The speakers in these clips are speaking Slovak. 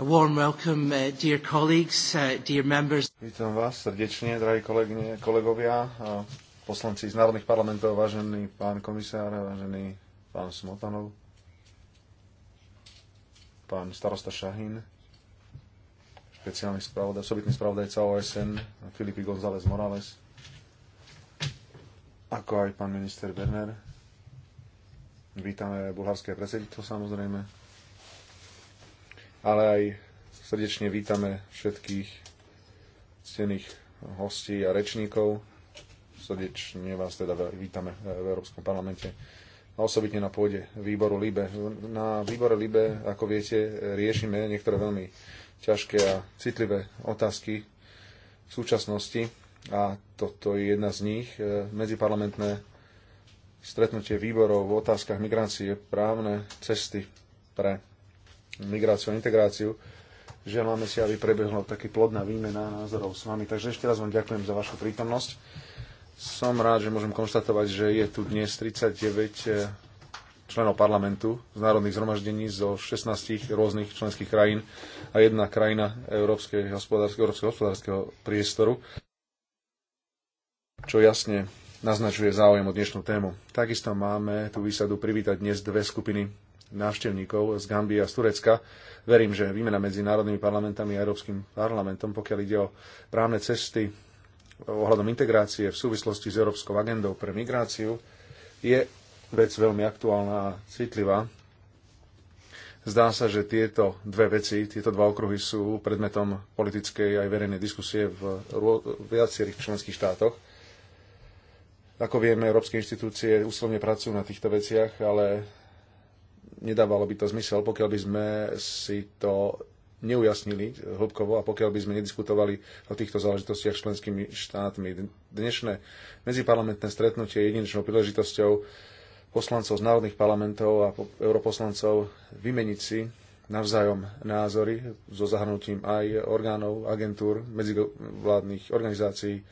A warm welcome, uh, dear colleagues, uh, dear members. Vítam vás srdečne, drahí kolegyne, kolegovia, a poslanci z národných parlamentov, vážený pán komisár, vážený pán Smotanov, pán starosta Šahin, špeciálny spravodaj, sobitný spravodajca OSN, Filipi González Morales, ako aj pán minister Berner. Vítame bulharské predsedníctvo samozrejme, ale aj srdečne vítame všetkých ctených hostí a rečníkov. Srdečne vás teda vítame eh, v Európskom parlamente a osobitne na pôde výboru LIBE. Na výbore LIBE, ako viete, riešime niektoré veľmi ťažké a citlivé otázky v súčasnosti a toto je jedna z nich. Eh, medziparlamentné stretnutie výborov v otázkach migrácie, právne cesty pre migráciu a integráciu. Želáme si, aby prebehla taký plodná výmena názorov s vami. Takže ešte raz vám ďakujem za vašu prítomnosť. Som rád, že môžem konštatovať, že je tu dnes 39 eh, členov parlamentu z národných zhromaždení zo 16 rôznych členských krajín a jedna krajina Európskej hospodárskeho, Európskeho hospodárskeho priestoru, čo jasne naznačuje záujem o dnešnú tému. Takisto máme tú výsadu privítať dnes dve skupiny návštevníkov z Gambie a z Turecka. Verím, že výmena medzi národnými parlamentami a Európskym parlamentom, pokiaľ ide o právne cesty ohľadom integrácie v súvislosti s Európskou agendou pre migráciu, je vec veľmi aktuálna a citlivá. Zdá sa, že tieto dve veci, tieto dva okruhy sú predmetom politickej aj verejnej diskusie v viacerých členských štátoch. Ako vieme, európske inštitúcie úslovne pracujú na týchto veciach, ale nedávalo by to zmysel, pokiaľ by sme si to neujasnili hĺbkovo a pokiaľ by sme nediskutovali o týchto záležitostiach s členskými štátmi. Dnešné medziparlamentné stretnutie je jedinečnou príležitosťou poslancov z národných parlamentov a europoslancov vymeniť si navzájom názory so zahrnutím aj orgánov, agentúr, medzivládnych organizácií,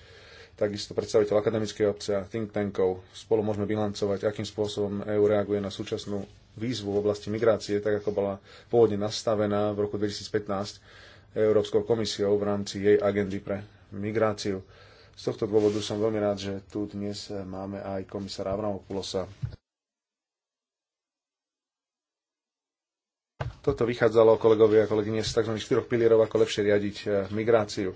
takisto predstaviteľ akademickej obce a think tankov. Spolu môžeme bilancovať, akým spôsobom EU reaguje na súčasnú výzvu v oblasti migrácie, tak ako bola pôvodne nastavená v roku 2015 Európskou komisiou v rámci jej agendy pre migráciu. Z tohto dôvodu som veľmi rád, že tu dnes máme aj komisára Avramopulosa. Toto vychádzalo, kolegovia a kolegyne, z tzv. štyroch pilierov, ako lepšie riadiť eh, migráciu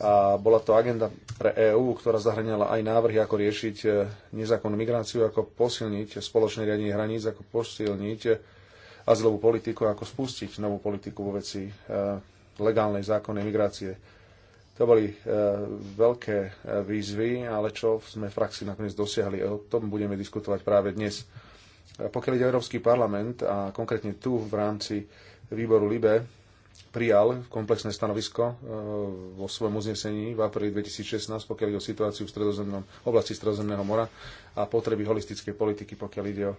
a bola to agenda pre EÚ, ktorá zahrňala aj návrhy, ako riešiť e, nezákonnú migráciu, ako posilniť spoločné riadenie hraníc, ako posilniť e, azylovú politiku, ako spustiť novú politiku vo veci e, legálnej zákonnej migrácie. To boli veľké výzvy, ale čo sme v praxi nakoniec dosiahli, o tom budeme diskutovať práve dnes. Pokiaľ ide Európsky parlament a konkrétne tu v rámci výboru LIBE, prijal komplexné stanovisko e, vo svojom uznesení v apríli 2016, pokiaľ ide o situáciu v stredozemnom, oblasti Stredozemného mora a potreby holistickej politiky, pokiaľ ide o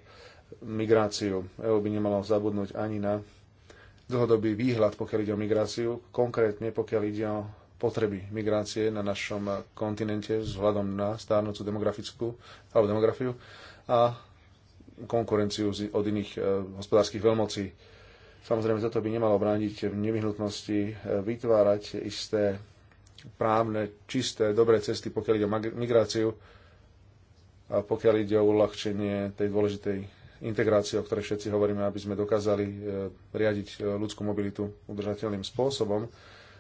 migráciu. EU by nemalo zabudnúť ani na dlhodobý výhľad, pokiaľ ide o migráciu, konkrétne pokiaľ ide o potreby migrácie na našom kontinente vzhľadom na stárnúcu demografickú alebo demografiu a konkurenciu od iných e, hospodárskych veľmocí Samozrejme, toto by nemalo brániť v nevyhnutnosti e, vytvárať isté právne, čisté, dobré cesty, pokiaľ ide o migráciu a pokiaľ ide o uľahčenie tej dôležitej integrácie, o ktorej všetci hovoríme, aby sme dokázali e, riadiť e, ľudskú mobilitu udržateľným spôsobom.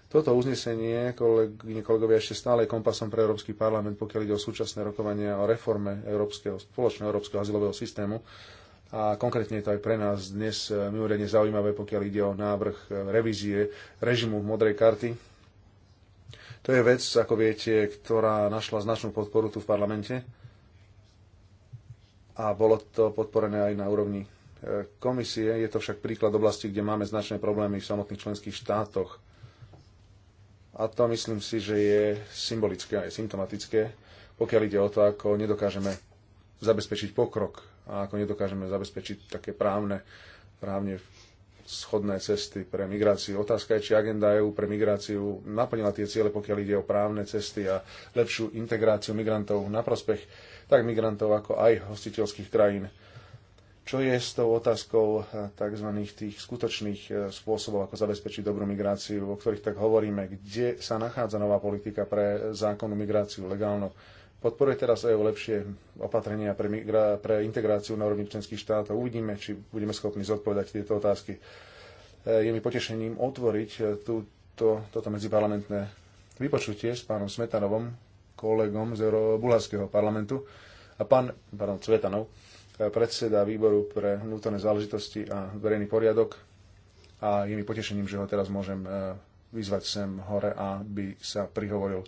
Toto uznesenie, kolegyne, kolegovia, ešte stále je kompasom pre Európsky parlament, pokiaľ ide o súčasné rokovanie o reforme európskeho, spoločného európskeho azylového systému a konkrétne je to aj pre nás dnes e, mimoriadne zaujímavé, pokiaľ ide o návrh e, revízie režimu modrej karty. To je vec, ako viete, ktorá našla značnú podporu tu v parlamente a bolo to podporené aj na úrovni e, komisie. Je to však príklad oblasti, kde máme značné problémy v samotných členských štátoch. A to myslím si, že je symbolické a symptomatické, pokiaľ ide o to, ako nedokážeme zabezpečiť pokrok a ako nedokážeme zabezpečiť také právne, právne schodné cesty pre migráciu. Otázka je, či agenda EÚ pre migráciu naplnila tie ciele, pokiaľ ide o právne cesty a lepšiu integráciu migrantov na prospech tak migrantov, ako aj hostiteľských krajín. Čo je s tou otázkou eh, tzv. tých skutočných eh, spôsobov, ako zabezpečiť dobrú migráciu, o ktorých tak hovoríme? Kde sa nachádza nová politika pre zákonnú migráciu, legálnu Podporuje teraz EU lepšie opatrenia pre, migra- pre integráciu na úrovni členských štátov. Uvidíme, či budeme schopní zodpovedať tieto otázky. E, je mi potešením otvoriť e, túto, toto medziparlamentné vypočutie s pánom Smetanovom, kolegom z Euro- bulharského parlamentu a pán pardon, Cvetanov, e, predseda výboru pre vnútorné záležitosti a verejný poriadok. A je mi potešením, že ho teraz môžem vyzvať sem hore, aby sa prihovoril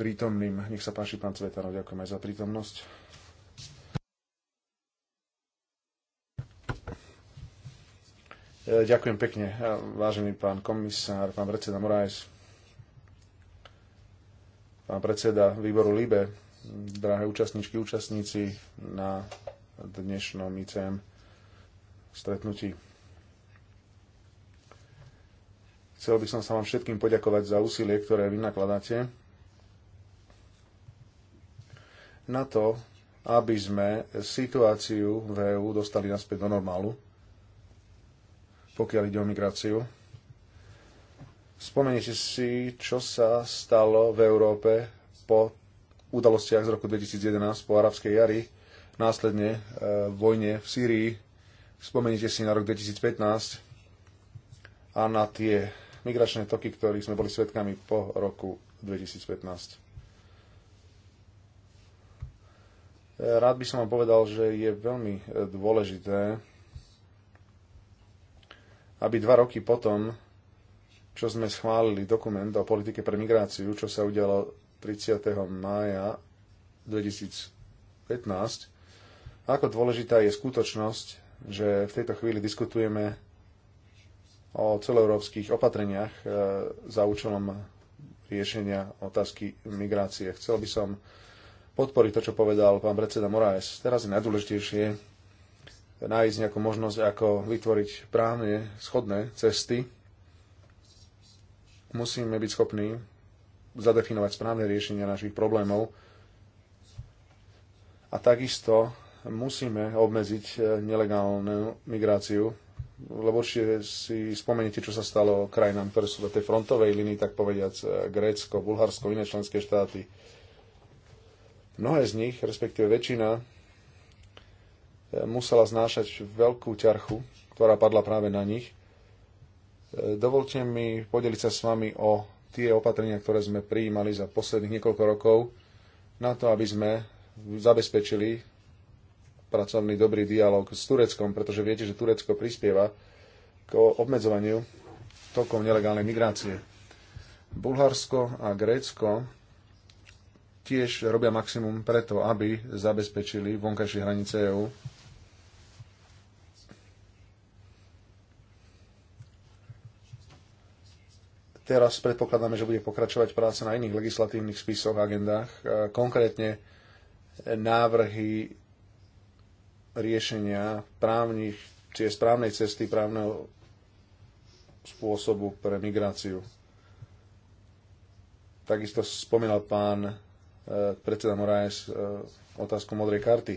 prítomným. Nech sa páči, pán Cvetano, ďakujem aj za prítomnosť. E, ďakujem pekne, e, vážený pán komisár, pán predseda Morajs, pán predseda výboru LIBE, drahé účastníčky, účastníci na dnešnom ICM stretnutí. Chcel by som sa vám všetkým poďakovať za úsilie, ktoré vy nakladáte na to, aby sme situáciu v EÚ dostali naspäť do normálu, pokiaľ ide o migráciu. Spomeniete si, čo sa stalo v Európe po udalostiach z roku 2011, po arabskej jari, následne e, vojne v Sýrii. Spomeniete si na rok 2015 a na tie migračné toky, ktorých sme boli svetkami po roku 2015. Rád by som vám povedal, že je veľmi e, dôležité, aby dva roky potom, čo sme schválili dokument o politike pre migráciu, čo sa udialo 30. mája 2015, ako dôležitá je skutočnosť, že v tejto chvíli diskutujeme o celoeurópskych opatreniach e, za účelom riešenia otázky migrácie. Chcel by som podporiť to, čo povedal pán predseda Moraes. Teraz je najdôležitejšie nájsť nejakú možnosť, ako vytvoriť právne schodné cesty. Musíme byť schopní zadefinovať správne riešenia našich problémov a takisto musíme obmedziť e, nelegálnu migráciu, lebo určite si spomeniete, čo sa stalo krajinám, ktoré sú na tej frontovej linii, tak povediac e, Grécko, Bulharsko, iné členské štáty Mnohé z nich, respektíve väčšina, e, musela znášať veľkú ťarchu, ktorá padla práve na nich. E, dovolte mi podeliť sa s vami o tie opatrenia, ktoré sme prijímali za posledných niekoľko rokov na to, aby sme zabezpečili pracovný dobrý dialog s Tureckom, pretože viete, že Turecko prispieva k obmedzovaniu tokov nelegálnej migrácie. Bulharsko a Grécko tiež robia maximum preto, aby zabezpečili vonkajšie hranice EÚ. Teraz predpokladáme, že bude pokračovať práca na iných legislatívnych spisoch a agendách, konkrétne návrhy riešenia právnych, či správnej cesty právneho spôsobu pre migráciu. Takisto spomínal pán predseda Moraes e, otázku modrej karty.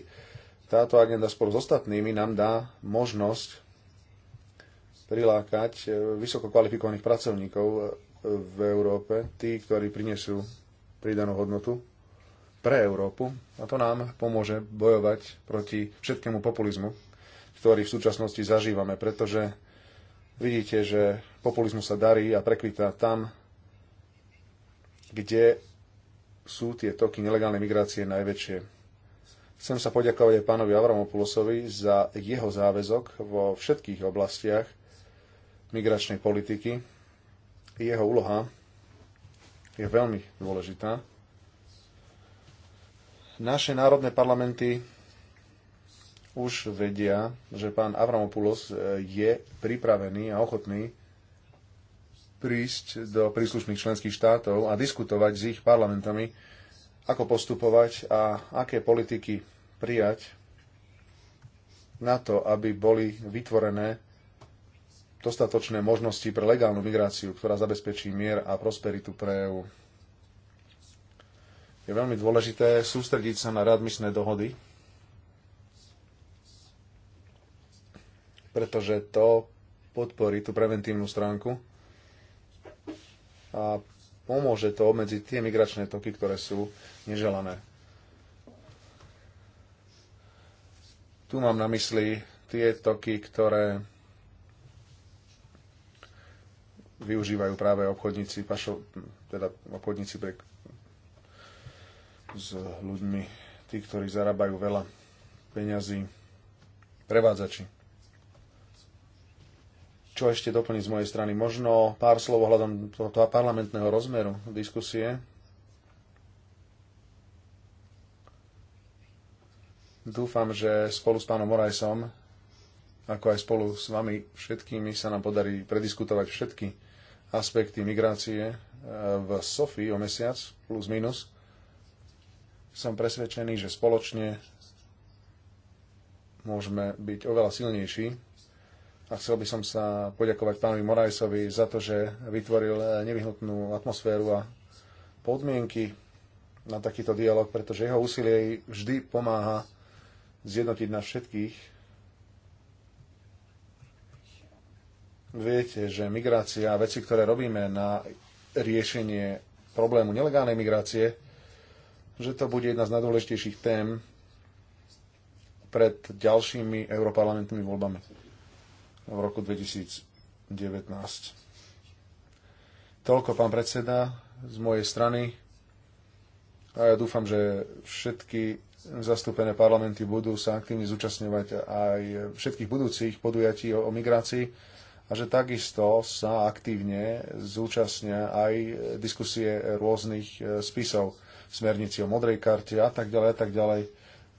Táto agenda spolu s ostatnými nám dá možnosť prilákať e, vysoko kvalifikovaných pracovníkov e, v Európe, tí, ktorí prinesú pridanú hodnotu pre Európu a to nám pomôže bojovať proti všetkému populizmu, ktorý v súčasnosti zažívame, pretože vidíte, že populizmu sa darí a prekvita tam, kde sú tie toky nelegálnej migrácie najväčšie. Chcem sa poďakovať aj pánovi Avramopulosovi za jeho záväzok vo všetkých oblastiach migračnej politiky. Jeho úloha je veľmi dôležitá. Naše národné parlamenty už vedia, že pán Avramopulos eh, je pripravený a ochotný prísť do príslušných členských štátov a diskutovať s ich parlamentami, ako postupovať a aké politiky prijať na to, aby boli vytvorené dostatočné možnosti pre legálnu migráciu, ktorá zabezpečí mier a prosperitu pre EU. Je veľmi dôležité sústrediť sa na readmisné dohody, pretože to podporí tú preventívnu stránku a pomôže to obmedziť tie migračné toky, ktoré sú neželané. Tu mám na mysli tie toky, ktoré využívajú práve obchodníci, pašo, teda obchodníci pre, s ľuďmi, tí, ktorí zarábajú veľa peňazí, prevádzači. Čo ešte doplniť z mojej strany? Možno pár slov ohľadom toho parlamentného rozmeru diskusie. Dúfam, že spolu s pánom Morajsom, ako aj spolu s vami všetkými, sa nám podarí prediskutovať všetky aspekty migrácie e, v Sofii o mesiac, plus minus. Som presvedčený, že spoločne môžeme byť oveľa silnejší a chcel by som sa poďakovať pánovi Morajsovi za to, že vytvoril eh, nevyhnutnú atmosféru a podmienky na takýto dialog, pretože jeho úsilie vždy pomáha zjednotiť nás všetkých. Viete, že migrácia a veci, ktoré robíme na riešenie problému nelegálnej migrácie, že to bude jedna z najdôležitejších tém pred ďalšími europarlamentnými voľbami v roku 2019. Toľko, pán predseda, z mojej strany. A ja dúfam, že všetky zastúpené parlamenty budú sa aktívne zúčastňovať aj všetkých budúcich podujatí o, migrácii a že takisto sa aktívne zúčastnia aj diskusie rôznych e, spisov, smernici o modrej karte a tak ďalej a tak ďalej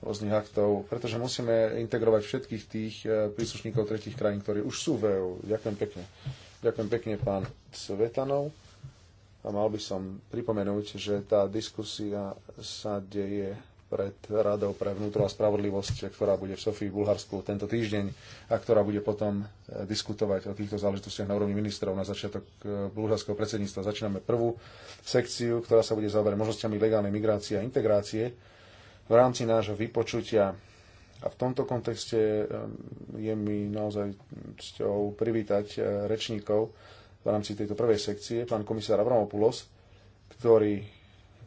rôznych aktov, pretože musíme integrovať všetkých tých eh, príslušníkov tretich krajín, ktorí už sú v EU. Ďakujem pekne. Ďakujem pekne, pán Svetanov. A mal by som pripomenúť, že tá diskusia sa deje pred Radou pre vnútro a spravodlivosť, ktorá bude v Sofii, v Bulharsku tento týždeň a ktorá bude potom eh, diskutovať o týchto záležitostiach na úrovni ministrov na začiatok eh, bulharského predsedníctva. Začíname prvú sekciu, ktorá sa bude zaoberať možnosťami legálnej migrácie a integrácie v rámci nášho vypočutia. A v tomto kontexte ehm, je mi naozaj cťou privítať e, rečníkov v rámci tejto prvej sekcie, pán komisár Avramopoulos, ktorý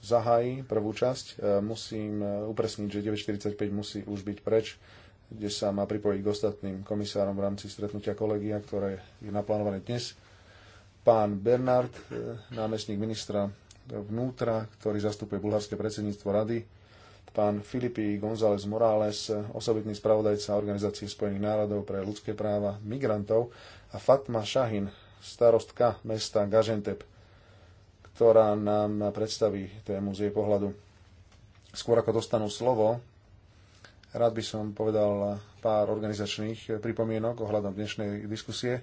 zahájí prvú časť. E, musím e, upresniť, že 9.45 musí už byť preč, kde sa má pripojiť k ostatným komisárom v rámci stretnutia kolegia, ktoré je naplánované dnes. Pán Bernard, námestník ministra vnútra, ktorý zastupuje bulharské predsedníctvo rady, pán Filipi González Morales, osobitný spravodajca Organizácie spojených národov pre ľudské práva migrantov a Fatma Šahin, starostka mesta Gažentep, ktorá nám predstaví tému z jej pohľadu. Skôr ako dostanú slovo, rád by som povedal pár organizačných pripomienok ohľadom dnešnej diskusie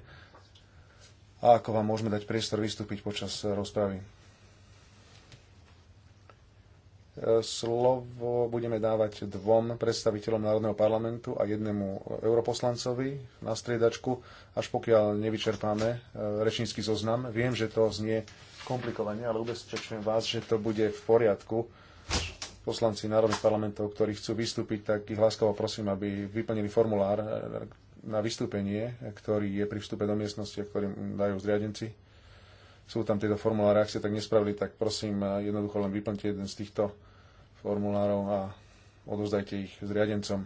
a ako vám môžeme dať priestor vystúpiť počas rozpravy. Slovo budeme dávať dvom predstaviteľom Národného parlamentu a jednému europoslancovi na striedačku, až pokiaľ nevyčerpáme e, rečnícky zoznam. Viem, že to znie komplikovane, ale ubezpečujem vás, že to bude v poriadku. Poslanci národných parlamentov, ktorí chcú vystúpiť, tak ich láskavo prosím, aby vyplnili formulár e, na vystúpenie, ktorý je pri vstupe do miestnosti, ktorým dajú zriadenci sú tam tieto formuláre. Ak ste tak nespravili, tak prosím, e, jednoducho len vyplňte jeden z týchto formulárov a odovzdajte ich zriadencom.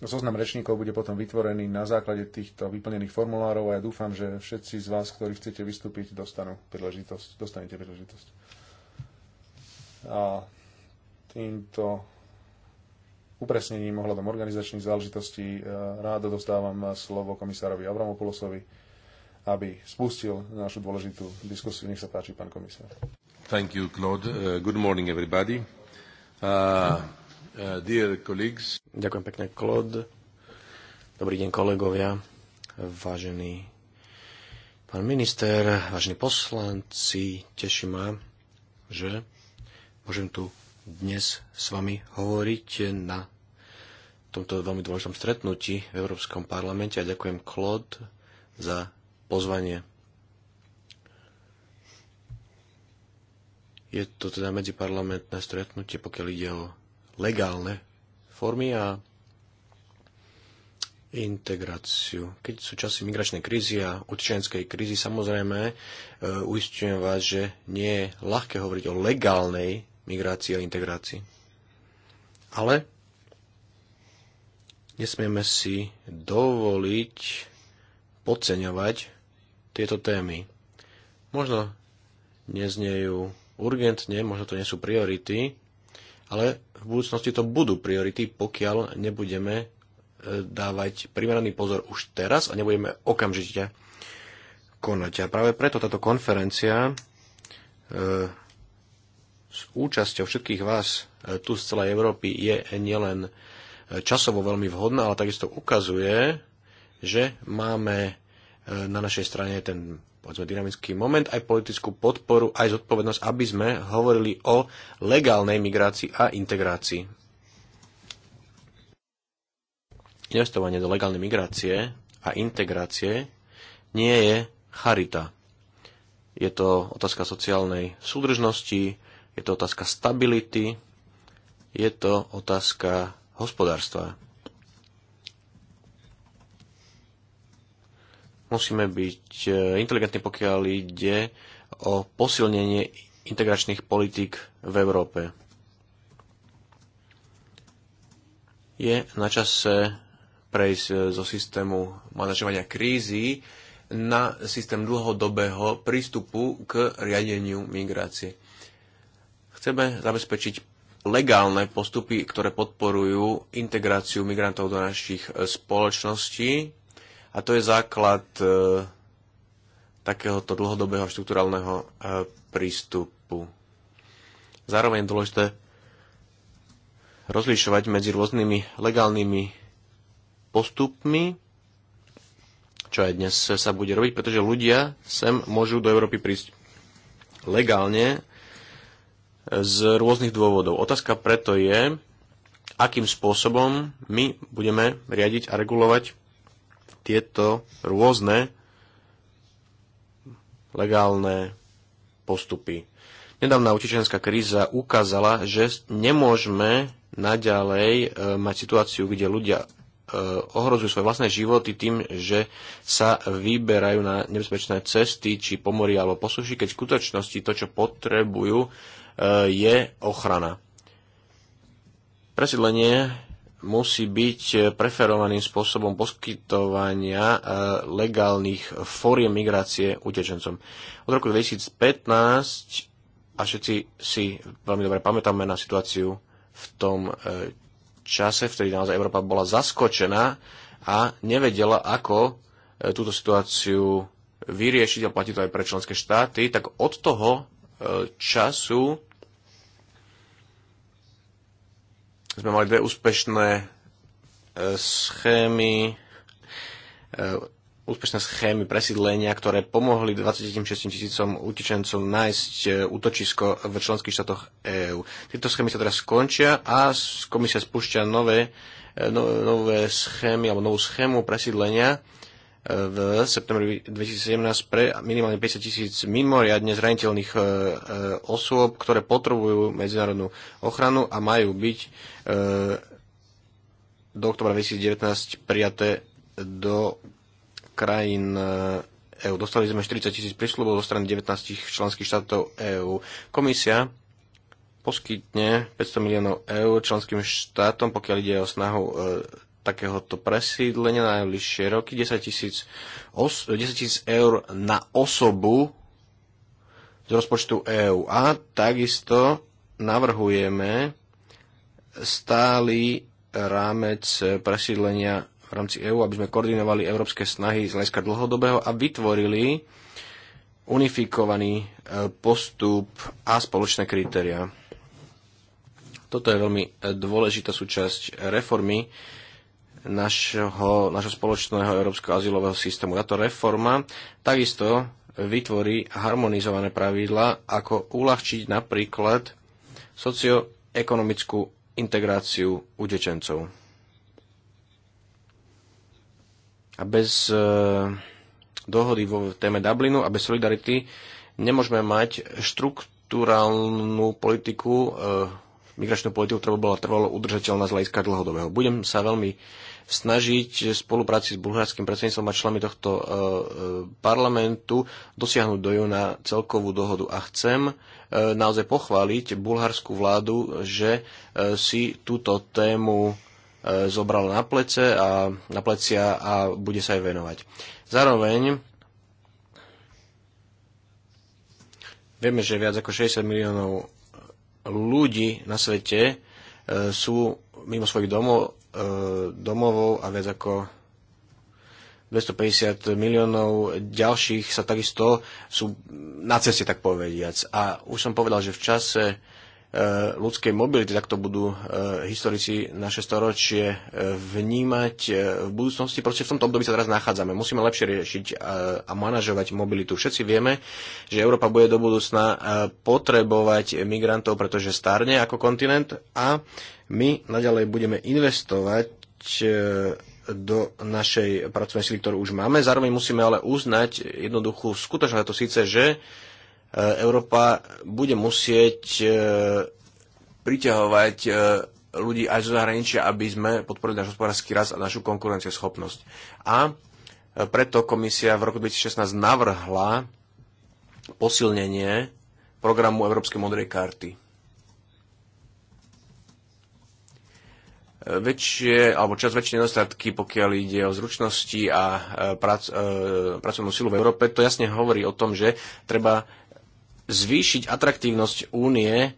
Zoznam rečníkov bude potom vytvorený na základe týchto vyplnených formulárov a ja dúfam, že všetci z vás, ktorí chcete vystúpiť, dostanú príležitosť, dostanete príležitosť. A týmto upresnením ohľadom organizačných záležitostí e, rád dostávam slovo komisárovi Avramopoulosovi, aby spustil našu dôležitú diskusiu. Nech sa páči, pán komisár. Thank you, Claude. Uh, good morning, everybody. Uh, uh, dear colleagues. Ďakujem pekne, Claude. Dobrý deň, kolegovia. Vážený pán minister, vážení poslanci, teší ma, že môžem tu dnes s vami hovoriť na tomto veľmi dôležitom stretnutí v Európskom parlamente a ďakujem Claude za pozvanie Je to teda medziparlamentné stretnutie, pokiaľ ide o legálne formy a integráciu. Keď sú časy migračnej krízy a utečenskej krízy, samozrejme, e, uistujem vás, že nie je ľahké hovoriť o legálnej migrácii a integrácii. Ale nesmieme si dovoliť podceňovať tieto témy. Možno neznejú urgentne, možno to nie sú priority, ale v budúcnosti to budú priority, pokiaľ nebudeme e, dávať primeraný pozor už teraz a nebudeme okamžite konať. A práve preto táto konferencia e, s účasťou všetkých vás e, tu z celej Európy je nielen e, časovo veľmi vhodná, ale takisto ukazuje, že máme e, na našej strane ten povedzme, dynamický moment, aj politickú podporu, aj zodpovednosť, aby sme hovorili o legálnej migrácii a integrácii. Investovanie do legálnej migrácie a integrácie nie je charita. Je to otázka sociálnej súdržnosti, je to otázka stability, je to otázka hospodárstva. musíme byť e, inteligentní, pokiaľ ide o posilnenie integračných politík v Európe. Je na čase prejsť e, zo systému manažovania krízy na systém dlhodobého prístupu k riadeniu migrácie. Chceme zabezpečiť legálne postupy, ktoré podporujú integráciu migrantov do našich e, spoločností, a to je základ e, takéhoto dlhodobého štruktúralného e, prístupu. Zároveň je dôležité rozlišovať medzi rôznymi legálnymi postupmi, čo aj dnes sa bude robiť, pretože ľudia sem môžu do Európy prísť legálne e, z rôznych dôvodov. Otázka preto je, akým spôsobom my budeme riadiť a regulovať tieto rôzne legálne postupy. Nedávna utečenská kríza ukázala, že nemôžeme naďalej e, mať situáciu, kde ľudia e, ohrozujú svoje vlastné životy tým, že sa vyberajú na nebezpečné cesty, či pomory alebo posuši, keď v skutočnosti to, čo potrebujú, e, je ochrana. Presídlenie musí byť e, preferovaným spôsobom poskytovania e, legálnych fóriem migrácie utečencom. Od roku 2015, a všetci si veľmi dobre pamätáme na situáciu v tom e, čase, vtedy naozaj Európa bola zaskočená a nevedela, ako túto situáciu vyriešiť a platí to aj pre členské štáty, tak od toho času sme mali dve úspešné e, schémy e, úspešné schémy presídlenia, ktoré pomohli 26 tisícom utečencom nájsť e, útočisko v členských štátoch EÚ. Tieto schémy sa teraz skončia a komisia spúšťa nové, no, nové schémy alebo novú schému presídlenia v septembri 2017 pre minimálne 50 tisíc mimoriadne zraniteľných e, e, osôb, ktoré potrebujú medzinárodnú ochranu a majú byť e, do oktobra 2019 prijaté do krajín EÚ. Dostali sme 40 tisíc prísľubov zo strany 19 členských štátov EÚ. Komisia poskytne 500 miliónov eur členským štátom, pokiaľ ide o snahu takéhoto presídlenia na najbližšie roky 10 tisíc os- 10 eur na osobu z rozpočtu EÚ. A takisto navrhujeme stály rámec presídlenia v rámci EÚ, aby sme koordinovali európske snahy z hľadiska dlhodobého a vytvorili unifikovaný e, postup a spoločné kritéria. Toto je veľmi e, dôležitá súčasť reformy našho, našho spoločného európskeho azylového systému. Táto reforma takisto vytvorí harmonizované pravidla, ako uľahčiť napríklad socioekonomickú integráciu utečencov. A bez e, dohody vo téme Dublinu a bez solidarity nemôžeme mať štruktúrálnu politiku e, migračnú politiku, ktorá bola trvalo udržateľná z hľadiska dlhodobého. Budem sa veľmi snažiť v spolupráci s bulharským predsedníctvom a členmi tohto e, e, parlamentu dosiahnuť do júna celkovú dohodu. A chcem e, naozaj pochváliť bulharskú vládu, že si túto tému zobral na plece a na plecia a bude sa aj venovať. Zároveň vieme, že viac ako 60 miliónov ľudí na svete sú mimo svojich domov E, domovov a viac ako 250 miliónov ďalších sa takisto sú na ceste, tak povediac. A už som povedal, že v čase e, ľudskej mobility, tak to budú e, historici naše storočie vnímať v budúcnosti. Proste v tomto období sa teraz nachádzame. Musíme lepšie riešiť a manažovať mobilitu. Všetci vieme, že Európa bude do budúcna potrebovať migrantov, pretože starne ako kontinent a my naďalej budeme investovať e, do našej pracovnej sily, ktorú už máme. Zároveň musíme ale uznať jednoduchú skutočnosť, to síce, že e, Európa bude musieť e, priťahovať ľudí aj zo zahraničia, aby sme podporili náš hospodársky rast a našu konkurencieschopnosť. A preto komisia v roku 2016 navrhla posilnenie programu Európskej modrej karty. väčšie alebo čas väčšie nedostatky, pokiaľ ide o zručnosti a e, prac, e, pracovnú silu v Európe, to jasne hovorí o tom, že treba zvýšiť atraktívnosť únie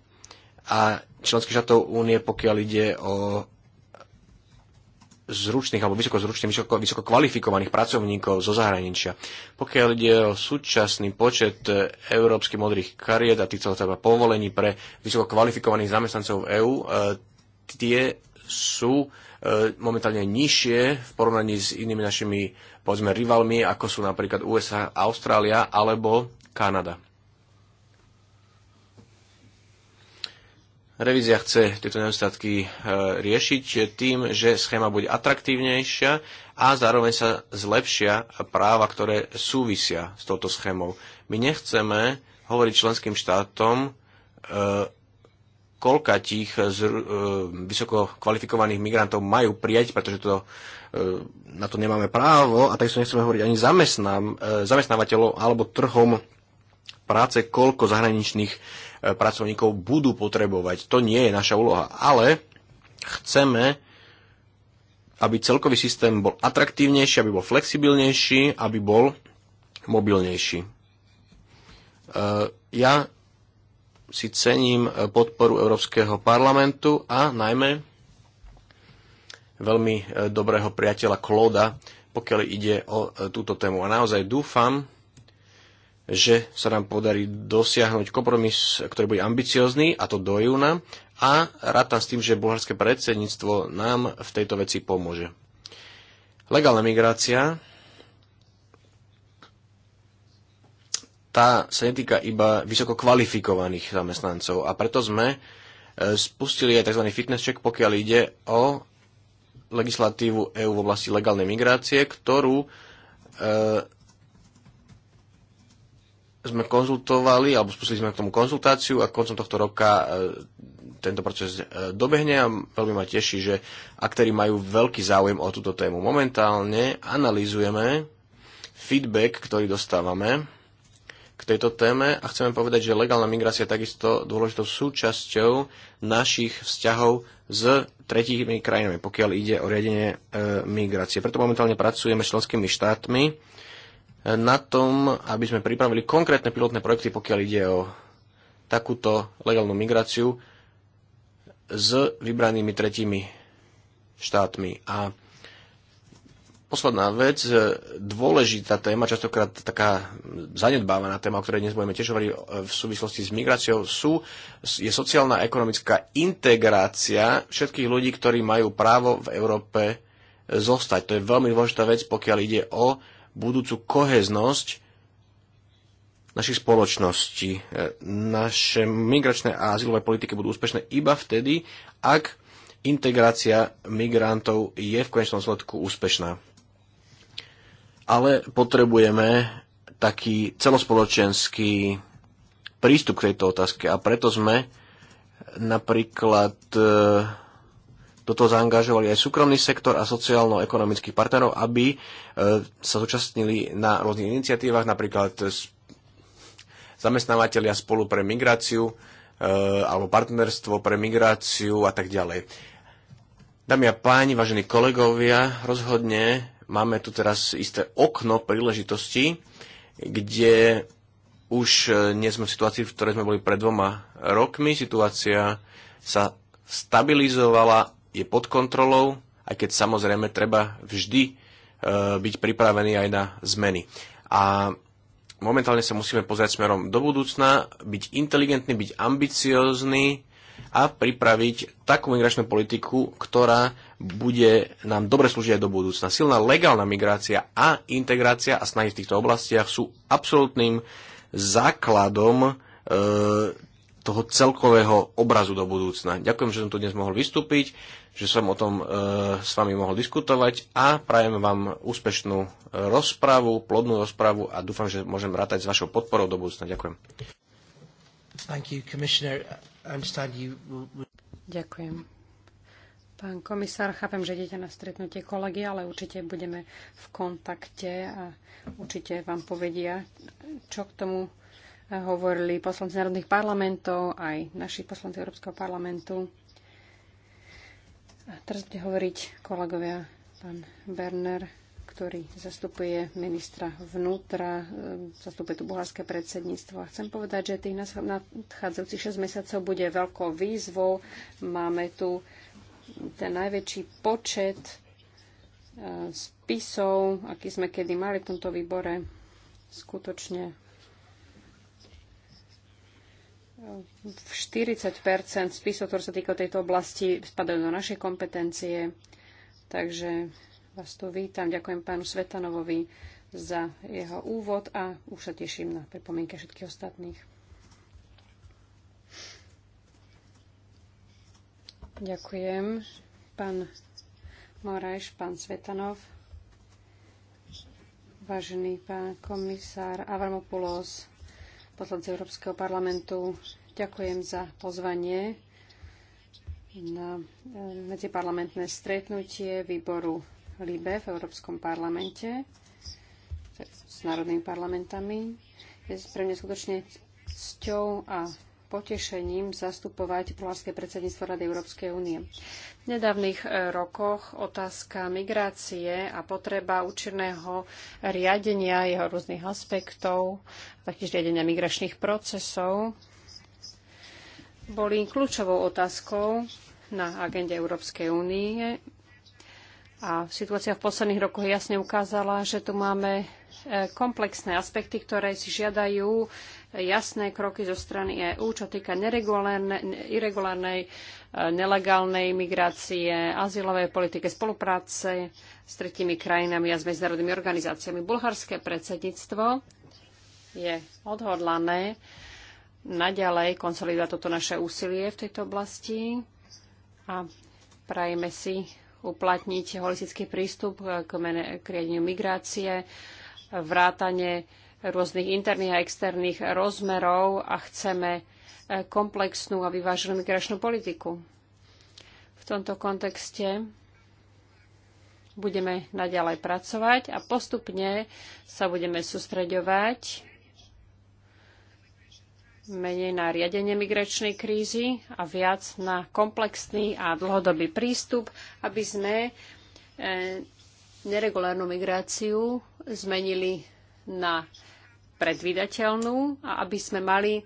a členských štátov únie, pokiaľ ide o zručných alebo zručných, vysoko, vysoko kvalifikovaných pracovníkov zo zahraničia. Pokiaľ ide o súčasný počet e, európskych modrých kariet a týchto teda povolení pre vysoko kvalifikovaných zamestnancov EÚ, tie sú e, momentálne nižšie v porovnaní s inými našimi, povedzme, rivalmi, ako sú napríklad USA, Austrália alebo Kanada. Revízia chce tieto nedostatky e, riešiť tým, že schéma bude atraktívnejšia a zároveň sa zlepšia práva, ktoré súvisia s touto schémou. My nechceme hovoriť členským štátom e, koľka tých e, z, e, vysoko kvalifikovaných migrantov majú prijať, pretože to, e, na to nemáme právo a takisto nechceme hovoriť ani zamestnám, e, zamestnávateľov alebo trhom práce, koľko zahraničných e, pracovníkov budú potrebovať. To nie je naša úloha, ale chceme, aby celkový systém bol atraktívnejší, aby bol flexibilnejší, aby bol mobilnejší. E, ja si cením e, podporu Európskeho parlamentu a najmä veľmi e, dobrého priateľa Klóda, pokiaľ ide o e, túto tému. A naozaj dúfam, že sa nám podarí dosiahnuť kompromis, ktorý bude ambiciozný, a to do júna, a rátam s tým, že bulharské predsedníctvo nám v tejto veci pomôže. Legálna migrácia, tá sa netýka iba vysoko kvalifikovaných zamestnancov a preto sme e, spustili aj tzv. fitness check, pokiaľ ide o legislatívu EÚ v oblasti legálnej migrácie, ktorú e, sme konzultovali, alebo spustili sme k tomu konzultáciu a koncom tohto roka e, tento proces e, dobehne a veľmi ma teší, že aktéry majú veľký záujem o túto tému. Momentálne analýzujeme feedback, ktorý dostávame k tejto téme a chceme povedať, že legálna migrácia je takisto dôležitou súčasťou našich vzťahov s tretími krajinami, pokiaľ ide o riadenie e, migrácie. Preto momentálne pracujeme s členskými štátmi e, na tom, aby sme pripravili konkrétne pilotné projekty, pokiaľ ide o takúto legálnu migráciu s vybranými tretími štátmi. A posledná vec, e, dôležitá téma, častokrát taká zanedbávaná téma, o ktorej dnes budeme tiež hovoriť e, v súvislosti s migráciou, sú, je sociálna a ekonomická integrácia všetkých ľudí, ktorí majú právo v Európe e, zostať. To je veľmi dôležitá vec, pokiaľ ide o budúcu koheznosť našich spoločností. Naše migračné a azylové politiky budú úspešné iba vtedy, ak integrácia migrantov je v konečnom sledku úspešná ale potrebujeme taký celospoločenský prístup k tejto otázke a preto sme napríklad e, do toho zaangažovali aj súkromný sektor a sociálno-ekonomických partnerov, aby e, sa zúčastnili na rôznych iniciatívach, napríklad zamestnávateľia spolu pre migráciu e, alebo partnerstvo pre migráciu a tak ďalej. Dámy a páni, vážení kolegovia, rozhodne máme tu teraz isté okno príležitosti, kde už e, nie sme v situácii, v ktorej sme boli pred dvoma rokmi. Situácia sa stabilizovala, je pod kontrolou, aj keď samozrejme treba vždy e, byť pripravený aj na zmeny. A momentálne sa musíme pozrieť smerom do budúcna, byť inteligentný, byť ambiciózny, a pripraviť takú migračnú politiku, ktorá bude nám dobre slúžiť aj do budúcna. Silná legálna migrácia a integrácia a snahy v týchto oblastiach sú absolútnym základom e, toho celkového obrazu do budúcna. Ďakujem, že som tu dnes mohol vystúpiť, že som o tom e, s vami mohol diskutovať a prajem vám úspešnú rozpravu, plodnú rozpravu a dúfam, že môžem rátať s vašou podporou do budúcna. Ďakujem. Thank you, Commissioner. Ďakujem. Pán komisár, chápem, že idete na stretnutie kolegy, ale určite budeme v kontakte a určite vám povedia, čo k tomu eh, hovorili poslanci národných parlamentov, aj naši poslanci Európskeho parlamentu. A teraz bude hovoriť kolegovia pán Berner ktorý zastupuje ministra vnútra, e, zastupuje tu bulharské predsedníctvo. A chcem povedať, že tých nadchádzajúcich 6 mesiacov bude veľkou výzvou. Máme tu ten najväčší počet e, spisov, aký sme kedy mali v tomto výbore. Skutočne v e, 40 spisov, ktoré sa týka tejto oblasti, spadajú do našej kompetencie. Takže vás tu vítam. Ďakujem pánu Svetanovovi za jeho úvod a už sa teším na pripomienke všetkých ostatných. Ďakujem. Pán Morajš, pán Svetanov, vážený pán komisár Avramopoulos, poslanci Európskeho parlamentu, ďakujem za pozvanie na eh, medziparlamentné stretnutie výboru LIBE v Európskom parlamente s národnými parlamentami. Je pre mňa skutočne cťou a potešením zastupovať polárske predsedníctvo Rady Európskej únie. V nedávnych e, rokoch otázka migrácie a potreba účinného riadenia jeho rôznych aspektov, taktiež riadenia migračných procesov, boli kľúčovou otázkou na agende Európskej únie a situácia v posledných rokoch jasne ukázala, že tu máme e, komplexné aspekty, ktoré si žiadajú e, jasné kroky zo strany EÚ, čo týka irregulárnej, e, nelegálnej migrácie, azylovej politike spolupráce s tretími krajinami a s medzinárodnými organizáciami. Bulharské predsedníctvo je odhodlané naďalej konsolidovať toto naše úsilie v tejto oblasti a prajeme si uplatniť holistický prístup k, mene, k riadeniu migrácie, vrátane rôznych interných a externých rozmerov a chceme eh, komplexnú a vyváženú migračnú politiku. V tomto kontexte budeme naďalej pracovať a postupne sa budeme sústreďovať menej na riadenie migračnej krízy a viac na komplexný a dlhodobý prístup, aby sme e, neregulárnu migráciu zmenili na predvídateľnú a aby sme mali e,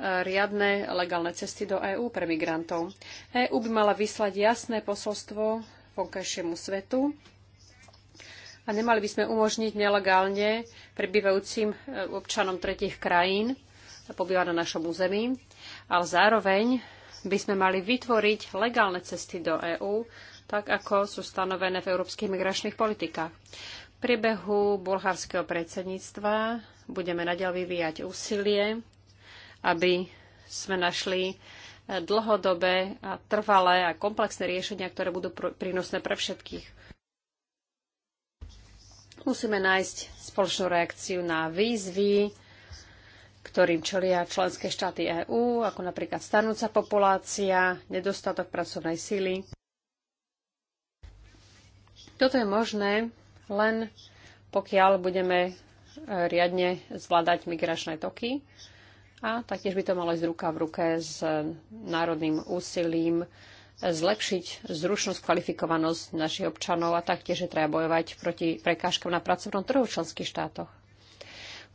riadne legálne cesty do EÚ pre migrantov. EÚ by mala vyslať jasné posolstvo vonkajšiemu svetu a nemali by sme umožniť nelegálne prebývajúcim e, občanom tretich krajín pobýva na našom území, ale zároveň by sme mali vytvoriť legálne cesty do EÚ, tak ako sú stanovené v európskych migračných politikách. V priebehu bulharského predsedníctva budeme naďalej vyvíjať úsilie, aby sme našli eh, dlhodobé a trvalé a komplexné riešenia, ktoré budú pr prínosné pre všetkých. Musíme nájsť spoločnú reakciu na výzvy, ktorým čelia členské štáty EÚ, ako napríklad starnúca populácia, nedostatok pracovnej síly. Toto je možné len pokiaľ budeme e, riadne zvládať migračné toky a taktiež by to malo ísť ruka v ruke s e, národným úsilím zlepšiť zručnosť, kvalifikovanosť našich občanov a taktiež je treba bojovať proti prekážkam na pracovnom trhu v členských štátoch.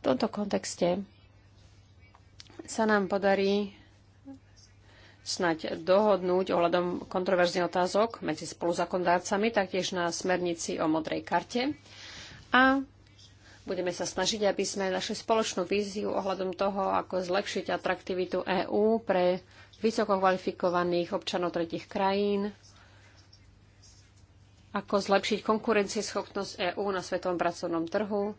V tomto kontexte sa nám podarí snať dohodnúť ohľadom kontroverzných otázok medzi spoluzakondárcami, taktiež na smernici o modrej karte. A budeme sa snažiť, aby sme našli spoločnú víziu ohľadom toho, ako zlepšiť atraktivitu EÚ pre vysoko kvalifikovaných občanov tretich krajín, ako zlepšiť konkurencieschopnosť EÚ na svetovom pracovnom trhu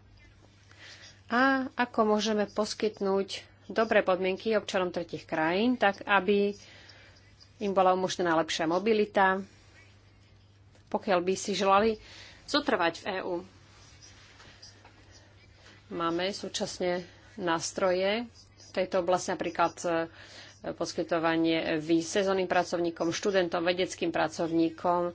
a ako môžeme poskytnúť dobré podmienky občanom tretich krajín, tak aby im bola umožnená lepšia mobilita, pokiaľ by si želali zotrvať v EÚ. Máme súčasne nástroje v tejto oblasti, napríklad e, poskytovanie víz sezónnym pracovníkom, študentom, vedeckým pracovníkom.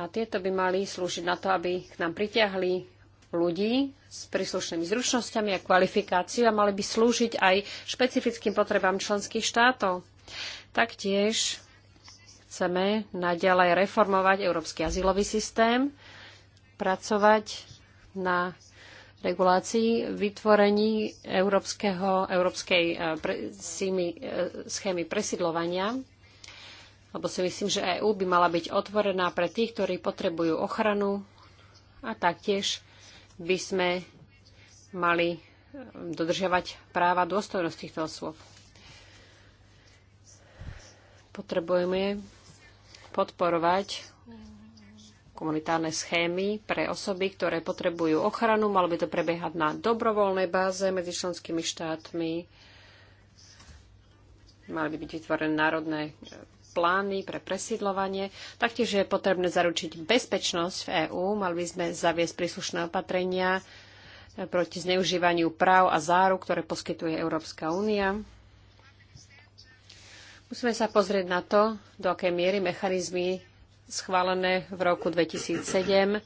A tieto by mali slúžiť na to, aby k nám pritiahli ľudí s príslušnými zručnosťami a kvalifikáciou a mali by slúžiť aj špecifickým potrebám členských štátov. Taktiež chceme naďalej reformovať európsky azylový systém, pracovať na regulácii vytvorení európskeho, európskej e, pre, símy, e, schémy presidlovania, lebo si myslím, že EÚ by mala byť otvorená pre tých, ktorí potrebujú ochranu a taktiež by sme mali eh, dodržiavať práva dôstojnosť týchto osôb. Potrebujeme podporovať komunitárne schémy pre osoby, ktoré potrebujú ochranu. Malo by to prebiehať na dobrovoľnej báze medzi členskými štátmi. Mali by byť vytvorené národné eh, plány pre presídlovanie. Taktiež je potrebné zaručiť bezpečnosť v EÚ. Mali by sme zaviesť príslušné opatrenia proti zneužívaniu práv a záruk, ktoré poskytuje Európska únia. Musíme sa pozrieť na to, do akej miery mechanizmy schválené v roku 2007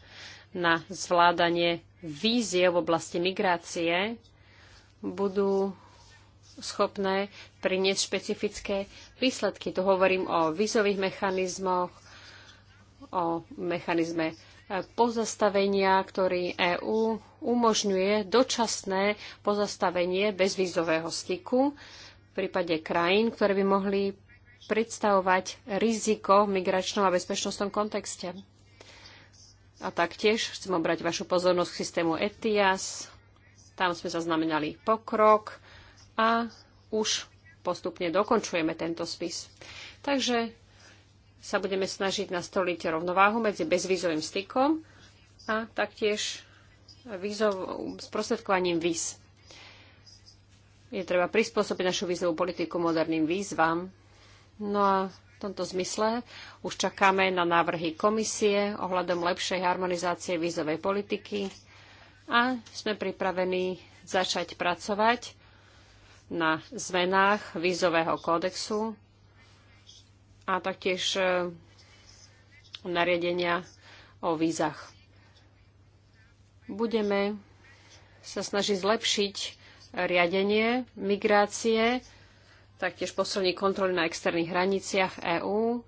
na zvládanie vízie v oblasti migrácie budú schopné priniesť špecifické výsledky. Tu hovorím o vízových mechanizmoch, o mechanizme e, pozastavenia, ktorý EÚ umožňuje dočasné pozastavenie bezvízového styku v prípade krajín, ktoré by mohli predstavovať riziko v migračnom a bezpečnostnom kontexte. A taktiež chcem obrať vašu pozornosť k systému ETIAS. Tam sme zaznamenali pokrok a už postupne dokončujeme tento spis. Takže sa budeme snažiť nastoliť rovnováhu medzi bezvízovým stykom a taktiež sprostredkovaním víz. Je treba prispôsobiť našu vízovú politiku moderným výzvam. No a v tomto zmysle už čakáme na návrhy komisie ohľadom lepšej harmonizácie vízovej politiky a sme pripravení začať pracovať na zmenách vízového kódexu a taktiež e, nariadenia o vízach. Budeme sa snažiť zlepšiť riadenie migrácie, taktiež posilniť kontroly na externých hraniciach EÚ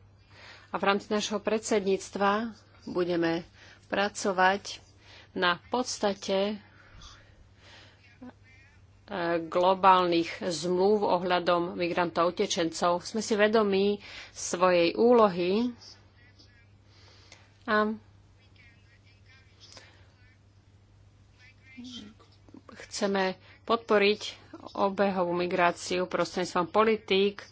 a v rámci našho predsedníctva budeme pracovať na podstate globálnych zmluv ohľadom migrantov a utečencov. Sme si vedomí svojej úlohy a chceme podporiť obehovú migráciu prostredníctvom politík,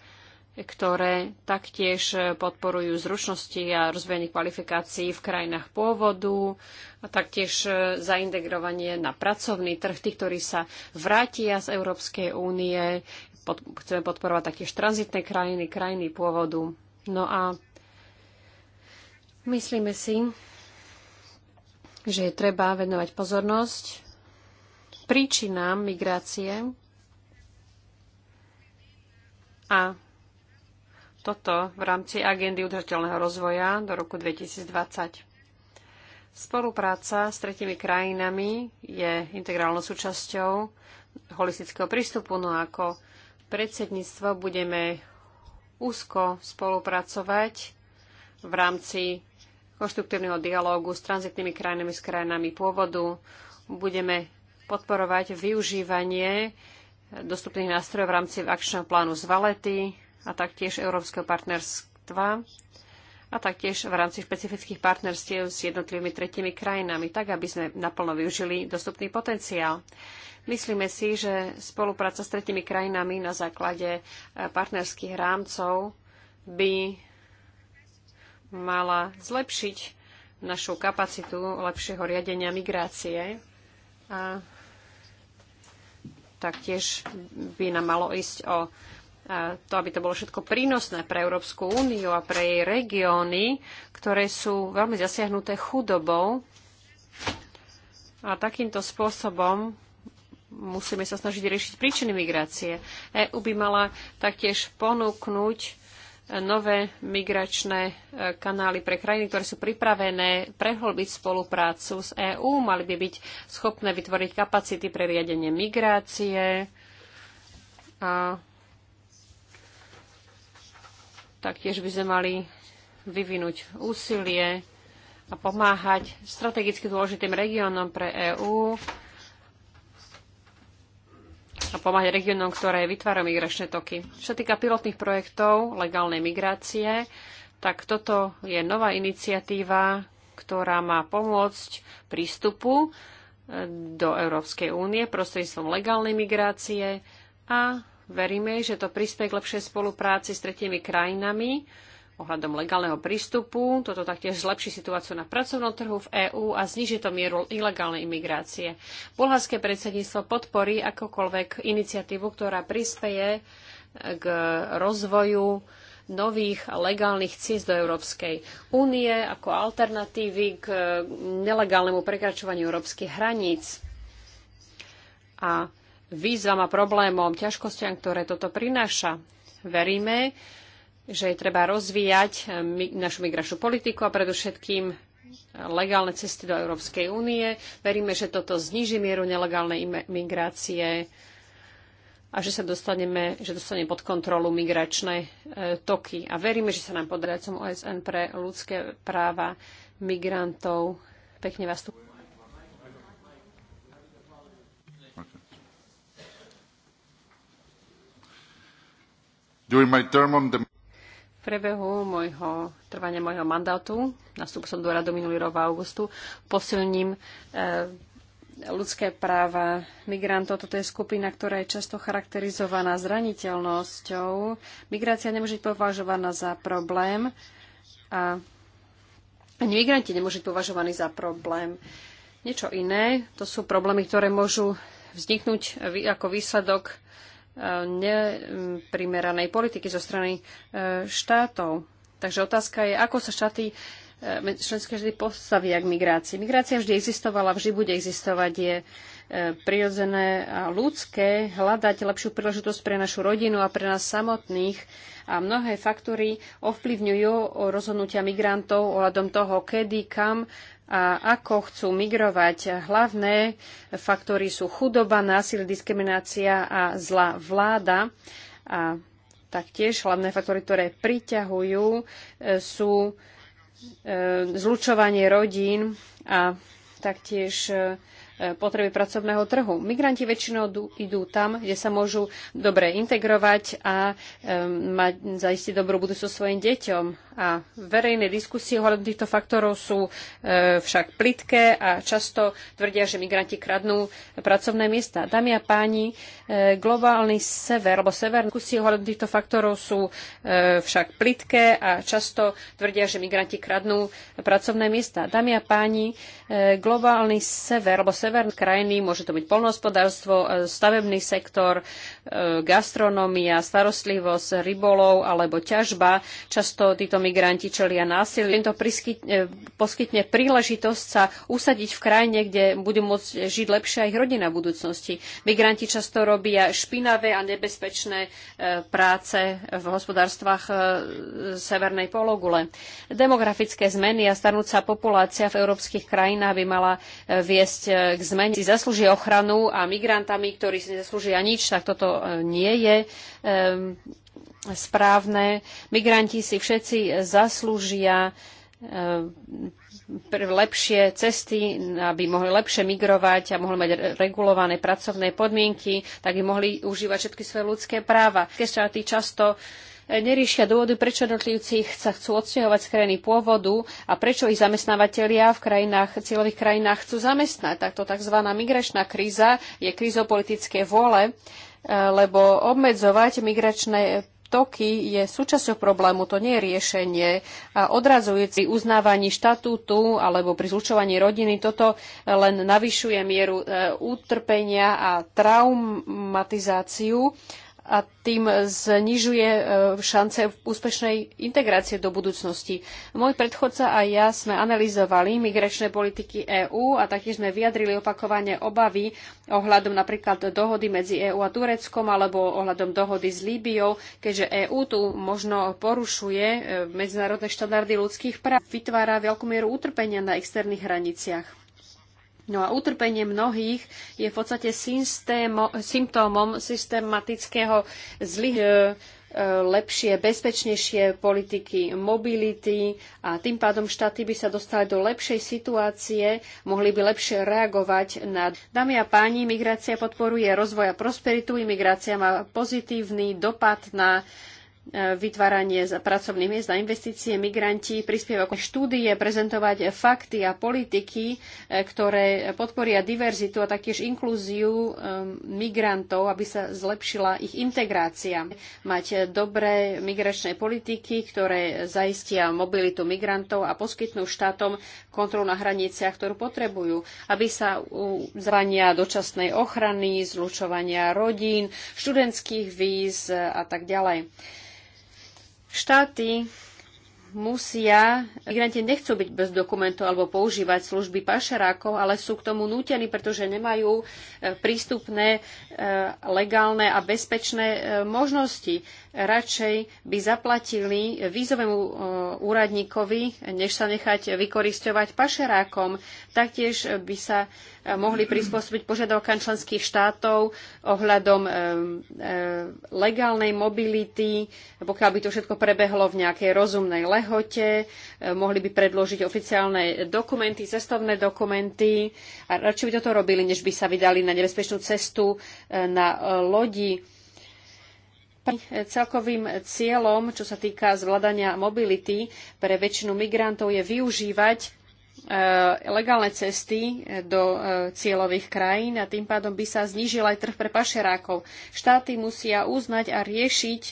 ktoré taktiež podporujú zručnosti a rozvojenie kvalifikácií v krajinách pôvodu a taktiež zaintegrovanie na pracovný trh tých, ktorí sa vrátia z Európskej únie. Pod, chceme podporovať taktiež tranzitné krajiny, krajiny pôvodu. No a myslíme si, že je treba venovať pozornosť príčinám migrácie a toto v rámci agendy udržateľného rozvoja do roku 2020. Spolupráca s tretimi krajinami je integrálnou súčasťou holistického prístupu, no ako predsedníctvo budeme úzko spolupracovať v rámci konštruktívneho dialógu s tranzitnými krajinami, s krajinami pôvodu. Budeme podporovať využívanie dostupných nástrojov v rámci akčného plánu z Valety, a taktiež Európskeho partnerstva a taktiež v rámci špecifických partnerstiev s jednotlivými tretími krajinami, tak aby sme naplno využili dostupný potenciál. Myslíme si, že spolupráca s tretími krajinami na základe e, partnerských rámcov by mala zlepšiť našu kapacitu lepšieho riadenia migrácie a taktiež by nám malo ísť o to, aby to bolo všetko prínosné pre Európsku úniu a pre jej regióny, ktoré sú veľmi zasiahnuté chudobou. A takýmto spôsobom musíme sa snažiť riešiť príčiny migrácie. EU by mala taktiež ponúknuť nové migračné e, kanály pre krajiny, ktoré sú pripravené prehlbiť spoluprácu s EÚ. Mali by byť schopné vytvoriť kapacity pre riadenie migrácie a tak tiež by sme mali vyvinúť úsilie a pomáhať strategicky dôležitým regiónom pre EÚ a pomáhať regiónom, ktoré vytvárajú migračné toky. Čo sa týka pilotných projektov legálnej migrácie, tak toto je nová iniciatíva, ktorá má pomôcť prístupu e, do Európskej únie prostredníctvom legálnej migrácie a Veríme, že to prispie k lepšej spolupráci s tretími krajinami ohľadom legálneho prístupu. Toto taktiež zlepší situáciu na pracovnom trhu v EÚ a zniží to mieru ilegálnej imigrácie. Bulharské predsedníctvo podporí akokoľvek iniciatívu, ktorá prispeje k rozvoju nových legálnych ciest do Európskej únie ako alternatívy k nelegálnemu prekračovaniu európskych hraníc. A výzvam a problémom, ťažkostiam, ktoré toto prináša. Veríme, že je treba rozvíjať eh, našu migračnú politiku a predovšetkým eh, legálne cesty do Európskej únie. Veríme, že toto zniží mieru nelegálnej migrácie a že sa dostaneme, že dostaneme pod kontrolu migračné e, toky. A veríme, že sa nám podarí OSN pre ľudské práva migrantov. Pekne vás tu. V prebehu môjho, trvania môjho mandátu, nastúpil som do radu minulý rok v augustu, posilním eh, ľudské práva migrantov. Toto je skupina, ktorá je často charakterizovaná zraniteľnosťou. Migrácia nemôže byť považovaná za problém a ani migranti nemôžu byť považovaní za problém. Niečo iné, to sú problémy, ktoré môžu vzniknúť ako výsledok neprimeranej politiky zo strany e, štátov. Takže otázka je, ako sa štáty e, členské vždy postavia k migrácii. Migrácia vždy existovala, vždy bude existovať, je e, prirodzené a ľudské hľadať lepšiu príležitosť pre našu rodinu a pre nás samotných. A mnohé faktory ovplyvňujú rozhodnutia migrantov ohľadom toho, kedy, kam a ako chcú migrovať. Hlavné faktory sú chudoba, násil, diskriminácia a zlá vláda. A taktiež hlavné faktory, ktoré priťahujú, e, sú e, zlučovanie rodín a taktiež e, potreby pracovného trhu. Migranti väčšinou idú tam, kde sa môžu dobre integrovať a mať, zaistiť dobrú budúcnosť svojim deťom a verejné diskusie ohľadom týchto faktorov sú e, však plitké a často tvrdia, že migranti kradnú pracovné miesta. Dámy a páni, e, globálny sever, alebo severné diskusie ohľadom týchto faktorov sú e, však plitké a často tvrdia, že migranti kradnú pracovné miesta. Dámy a páni, e, globálny sever, alebo severné krajiny, môže to byť polnohospodárstvo, e, stavebný sektor, e, gastronómia, starostlivosť, rybolov alebo ťažba, často títo migranti čelia násiliu. Tento e, poskytne príležitosť sa usadiť v krajine, kde budú môcť žiť lepšie aj ich rodina v budúcnosti. Migranti často robia špinavé a nebezpečné e, práce v hospodárstvách e, severnej pologule. Demografické zmeny a starnúca populácia v európskych krajinách by mala viesť k zmene. Si zaslúžia ochranu a migrantami, ktorí si nezaslúžia nič, tak toto nie je ehm, správne. Migranti si všetci zaslúžia e, lepšie cesty, aby mohli lepšie migrovať a mohli mať regulované pracovné podmienky, tak by mohli užívať všetky svoje ľudské práva. Keď štáty často e, neriešia dôvody, prečo jednotlivci sa chcú odsťahovať z krajiny pôvodu a prečo ich zamestnávateľia v krajinách, cieľových krajinách chcú zamestnať. Takto tzv. migračná kríza je krízou politické vôle lebo obmedzovať migračné toky je súčasťou problému, to nie je riešenie. A pri uznávaní štatútu alebo pri zlučovaní rodiny toto len navyšuje mieru e, utrpenia a traumatizáciu a tým znižuje e, šance úspešnej integrácie do budúcnosti. Môj predchodca a ja sme analyzovali migračné politiky EÚ a taktiež sme vyjadrili opakovane obavy ohľadom napríklad dohody medzi EÚ a Tureckom alebo ohľadom dohody s Líbiou, keďže EÚ tu možno porušuje e, medzinárodné štandardy ľudských práv, vytvára veľkú mieru utrpenia na externých hraniciach. No a utrpenie mnohých je v podstate systémo, symptómom systematického zly, e, e, lepšie, bezpečnejšie politiky mobility a tým pádom štáty by sa dostali do lepšej situácie, mohli by lepšie reagovať na... Dámy a páni, migrácia podporuje rozvoj a prosperitu, imigrácia má pozitívny dopad na E, vytváranie pracovných miest a investície. Migranti prispievajú štúdie, prezentovať fakty a politiky, e, ktoré podporia diverzitu a taktiež inklúziu e, migrantov, aby sa zlepšila ich integrácia. Mať dobré migračné politiky, ktoré zaistia mobilitu migrantov a poskytnú štátom kontrolu na hraniciach, ktorú potrebujú, aby sa zvania dočasnej ochrany, zlučovania rodín, študentských víz a tak ďalej. Štáty musia, migranti nechcú byť bez dokumentov alebo používať služby pašerákov, ale sú k tomu nútení, pretože nemajú e, prístupné e, legálne a bezpečné e, možnosti radšej by zaplatili vízovému e, úradníkovi, než sa nechať vykoristovať pašerákom. Taktiež by sa e, mohli prispôsobiť požiadavkám členských štátov ohľadom e, legálnej mobility, pokiaľ by to všetko prebehlo v nejakej rozumnej lehote, mohli by predložiť oficiálne dokumenty, cestovné dokumenty a radšej by toto robili, než by sa vydali na nebezpečnú cestu na lodi Celkovým cieľom, čo sa týka zvládania mobility pre väčšinu migrantov, je využívať e, legálne cesty e, do e, cieľových krajín a tým pádom by sa znížil aj trh pre pašerákov. Štáty musia uznať a riešiť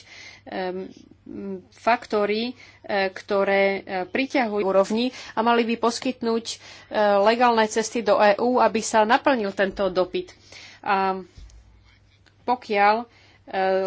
faktory, ktoré priťahujú úrovni a mali by poskytnúť legálne cesty do EÚ, aby sa naplnil tento dopyt. A pokiaľ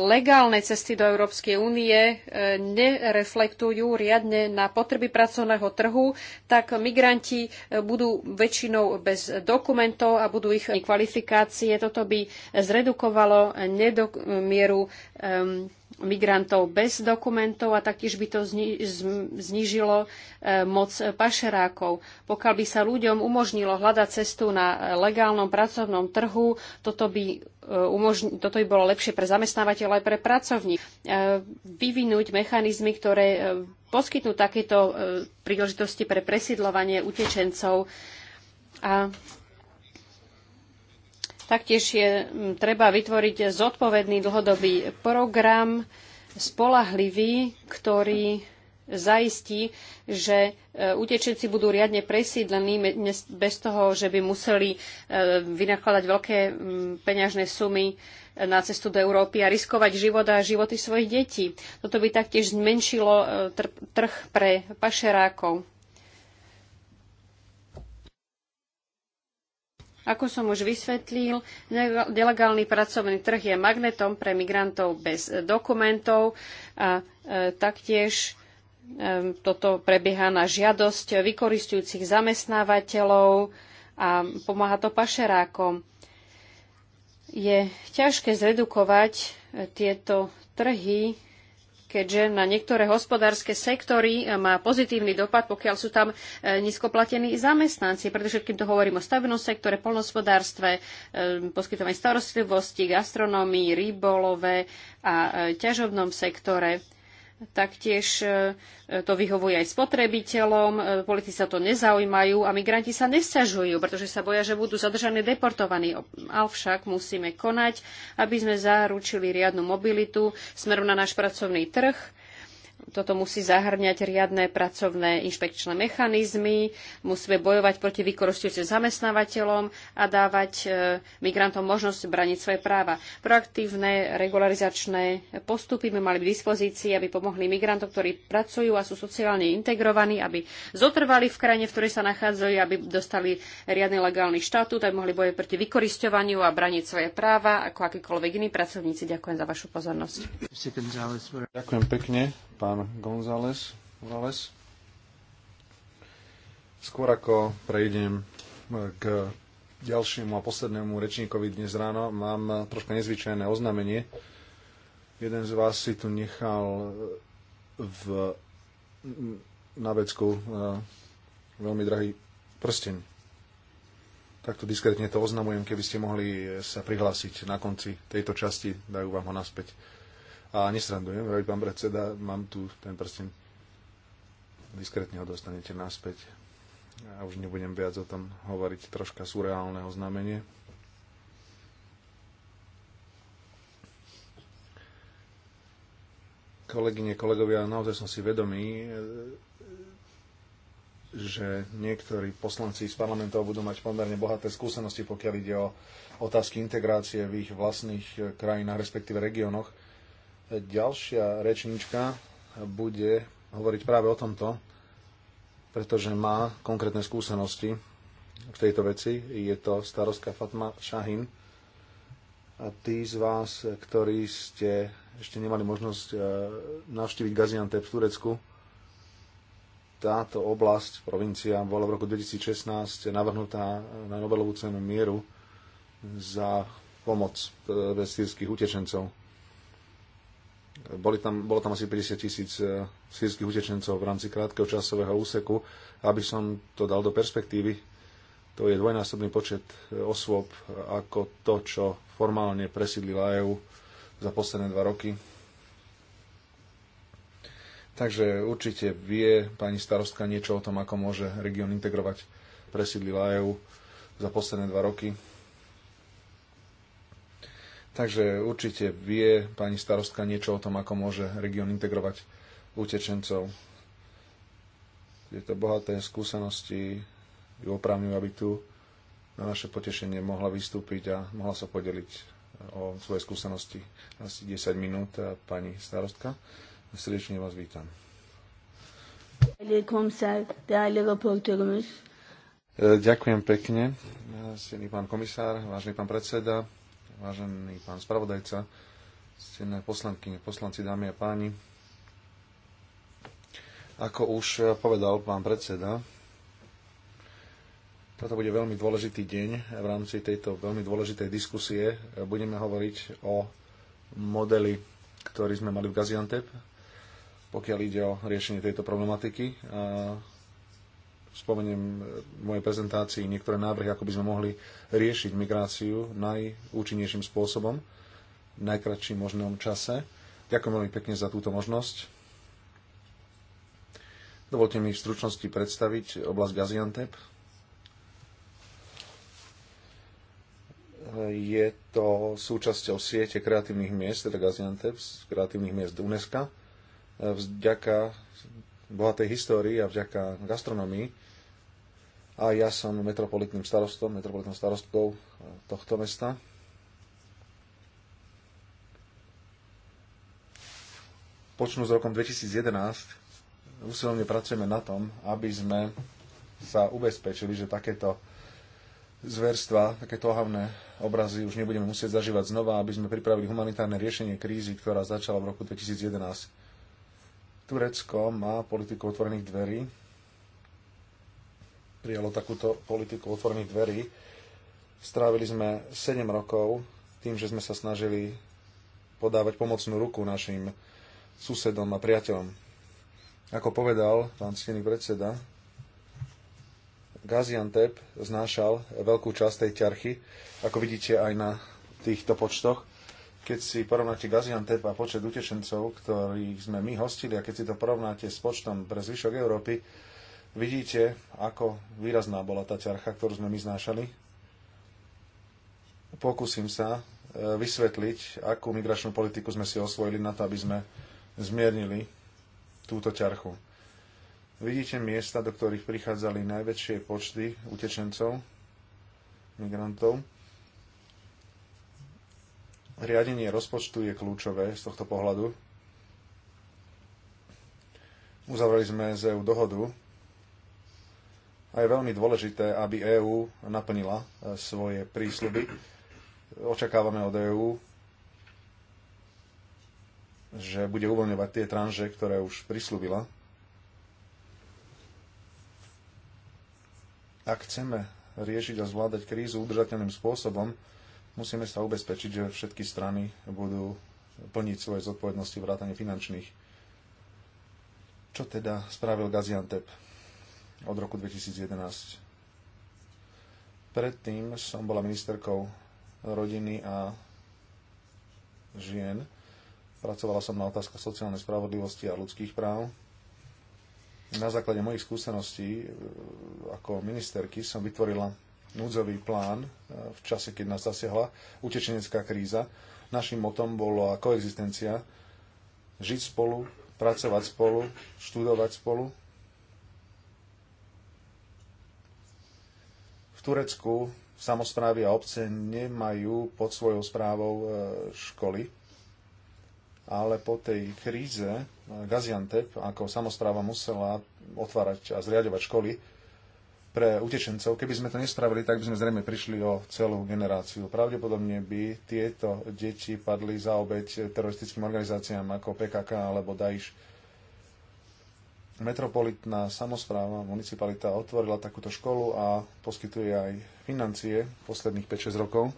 legálne cesty do Európskej únie e, nereflektujú riadne na potreby pracovného trhu, tak migranti e, budú väčšinou bez dokumentov a budú ich kvalifikácie. Toto by zredukovalo nedomieru um, migrantov bez dokumentov a taktiež by to znížilo e, moc pašerákov. Pokiaľ by sa ľuďom umožnilo hľadať cestu na legálnom pracovnom trhu, toto by, e, toto by bolo lepšie pre zamestnávateľa aj pre pracovník. E, vyvinúť mechanizmy, ktoré poskytnú takéto príležitosti pre presídľovanie utečencov a Taktiež je treba vytvoriť zodpovedný dlhodobý program, spolahlivý, ktorý zaistí, že e, utečenci budú riadne presídlení bez toho, že by museli e, vynakladať veľké peňažné sumy na cestu do Európy a riskovať život a životy svojich detí. Toto by taktiež zmenšilo e, trh pre pašerákov. Ako som už vysvetlil, nelegálny pracovný trh je magnetom pre migrantov bez dokumentov a e, taktiež e, toto prebieha na žiadosť vykoristujúcich zamestnávateľov a pomáha to pašerákom. Je ťažké zredukovať e, tieto trhy keďže na niektoré hospodárske sektory e, má pozitívny dopad, pokiaľ sú tam e, nízkoplatení zamestnanci. Preto všetkým to hovorím o stavebnom sektore, polnospodárstve, e, poskytovaní starostlivosti, gastronómii, rybolove a ťažobnom sektore taktiež e, e, to vyhovuje aj spotrebiteľom, e, politici sa to nezaujímajú a migranti sa nesťažujú, pretože sa boja, že budú zadržaní deportovaní. Avšak musíme konať, aby sme zaručili riadnu mobilitu smerom na náš pracovný trh toto musí zahrňať riadne pracovné inšpekčné mechanizmy, musíme bojovať proti vykoristujúcim zamestnávateľom a dávať e, migrantom možnosť braniť svoje práva. Proaktívne regularizačné postupy by mali v dispozícii, aby pomohli migrantom, ktorí pracujú a sú sociálne integrovaní, aby zotrvali v krajine, v ktorej sa nachádzajú, aby dostali riadny legálny štatút, aby mohli bojovať proti vykoristovaniu a braniť svoje práva, ako akýkoľvek iní pracovníci. Ďakujem za vašu pozornosť. Ďakujem pekne pán González. González. Skôr ako prejdem k ďalšiemu a poslednému rečníkovi dnes ráno, mám troška nezvyčajné oznámenie. Jeden z vás si tu nechal eh, v, mm, na vecku eh, veľmi drahý prsteň. Takto diskrétne to oznamujem, keby ste mohli sa prihlásiť na konci tejto časti, dajú vám ho naspäť. A nesrandujem, vraví pán predseda, mám tu ten prsten. Diskretne ho dostanete naspäť. A ja už nebudem viac o tom hovoriť. Troška surreálne oznámenie. Kolegyne, kolegovia, naozaj som si vedomý, že niektorí poslanci z parlamentov budú mať pomerne bohaté skúsenosti, pokiaľ ide o otázky integrácie v ich vlastných krajinách, respektíve regiónoch Ďalšia rečnička bude hovoriť práve o tomto, pretože má konkrétne skúsenosti v tejto veci. Je to starostka Fatma Šahin. A tí z vás, ktorí ste ešte nemali možnosť e, navštíviť Gaziantep v Turecku, táto oblasť, provincia, bola v roku 2016 navrhnutá na Nobelovú cenu mieru za pomoc e, sírskych utečencov. Boli tam, bolo tam asi 50 tisíc e, sírskych utečencov v rámci krátkeho časového úseku. Aby som to dal do perspektívy, to je dvojnásobný počet e, osôb ako to, čo formálne presídlila EÚ za posledné dva roky. Takže určite vie pani starostka niečo o tom, ako môže región integrovať presídlila EÚ za posledné dva roky Takže určite vie pani starostka niečo o tom, ako môže región integrovať utečencov. Tieto bohaté skúsenosti ju oprávňujú, aby tu na naše potešenie mohla vystúpiť a mohla sa podeliť eh, o svoje skúsenosti. Asi 10 minút, eh, pani starostka. Srdečne vás vítam. Ďakujem pekne, eh, vážený pán komisár, vážny pán predseda, vážený pán spravodajca, stené poslanky, poslanci, dámy a páni. Ako už povedal pán predseda, toto bude veľmi dôležitý deň v rámci tejto veľmi dôležitej diskusie. Budeme hovoriť o modeli, ktorý sme mali v Gaziantep, pokiaľ ide o riešenie tejto problematiky spomeniem e, v mojej prezentácii niektoré návrhy, ako by sme mohli riešiť migráciu najúčinnejším spôsobom, v najkračším možnom čase. Ďakujem veľmi pekne za túto možnosť. Dovolte mi v stručnosti predstaviť oblasť Gaziantep. E, je to súčasťou siete kreatívnych miest, teda Gaziantep, kreatívnych miest UNESCO. E, vďaka bohatej histórii a vďaka gastronomii. A ja som metropolitným starostom, metropolitnou starostkou tohto mesta. Počnú s rokom 2011 úsilovne pracujeme na tom, aby sme sa ubezpečili, že takéto zverstva, takéto ohavné obrazy už nebudeme musieť zažívať znova, aby sme pripravili humanitárne riešenie krízy, ktorá začala v roku 2011. Turecko má politiku otvorených dverí. Prijalo takúto politiku otvorených dverí. Strávili sme 7 rokov tým, že sme sa snažili podávať pomocnú ruku našim susedom a priateľom. Ako povedal pán stený predseda, Gaziantep znášal veľkú časť tej ťarchy, ako vidíte aj na týchto počtoch. Keď si porovnáte Gaziantep a počet utečencov, ktorých sme my hostili, a keď si to porovnáte s počtom pre zvyšok Európy, vidíte, ako výrazná bola tá ťarcha, ktorú sme my znášali. Pokúsim sa e, vysvetliť, akú migračnú politiku sme si osvojili na to, aby sme zmiernili túto ťarchu. Vidíte miesta, do ktorých prichádzali najväčšie počty utečencov, migrantov riadenie rozpočtu je kľúčové z tohto pohľadu. Uzavreli sme z EU dohodu a je veľmi dôležité, aby EÚ naplnila e, svoje prísľuby. Očakávame od EÚ, že bude uvoľňovať tie tranže, ktoré už prislúbila. Ak chceme riešiť a zvládať krízu udržateľným spôsobom, Musíme sa ubezpečiť, že všetky strany budú plniť svoje zodpovednosti vrátane finančných. Čo teda spravil Gaziantep od roku 2011? Predtým som bola ministerkou rodiny a žien. Pracovala som na otázkach sociálnej spravodlivosti a ľudských práv. Na základe mojich skúseností e, ako ministerky som vytvorila núdzový plán e, v čase, keď nás zasiahla utečenecká kríza. Našim motom bola koexistencia, žiť spolu, pracovať spolu, študovať spolu. V Turecku samozprávy a obce nemajú pod svojou správou e, školy, ale po tej kríze e, Gaziantep ako samozpráva musela otvárať a zriadovať školy, pre utečencov. Keby sme to nespravili, tak by sme zrejme prišli o celú generáciu. Pravdepodobne by tieto deti padli za obeď teroristickým organizáciám ako PKK alebo Daiš. Metropolitná samozpráva, municipalita otvorila takúto školu a poskytuje aj financie posledných 5-6 rokov.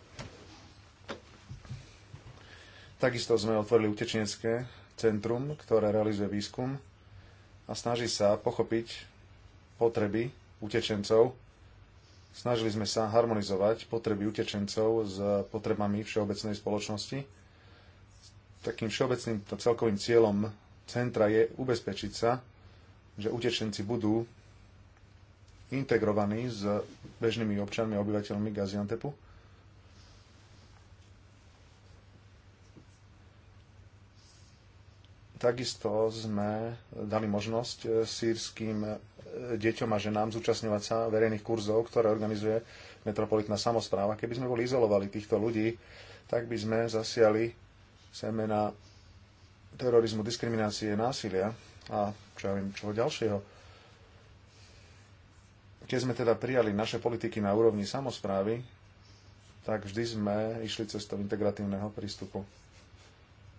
Takisto sme otvorili utečenecké centrum, ktoré realizuje výskum a snaží sa pochopiť potreby utečencov. Snažili sme sa harmonizovať potreby utečencov s potrebami všeobecnej spoločnosti. Takým všeobecným celkovým cieľom centra je ubezpečiť sa, že utečenci budú integrovaní s bežnými občanmi a obyvateľmi Gaziantepu. Takisto sme dali možnosť sírským deťom a ženám zúčastňovať sa verejných kurzov, ktoré organizuje metropolitná samozpráva. Keby sme boli izolovali týchto ľudí, tak by sme zasiali semena terorizmu, diskriminácie, násilia a čo ja viem, čoho ďalšieho. Keď sme teda prijali naše politiky na úrovni samozprávy, tak vždy sme išli cestou integratívneho prístupu.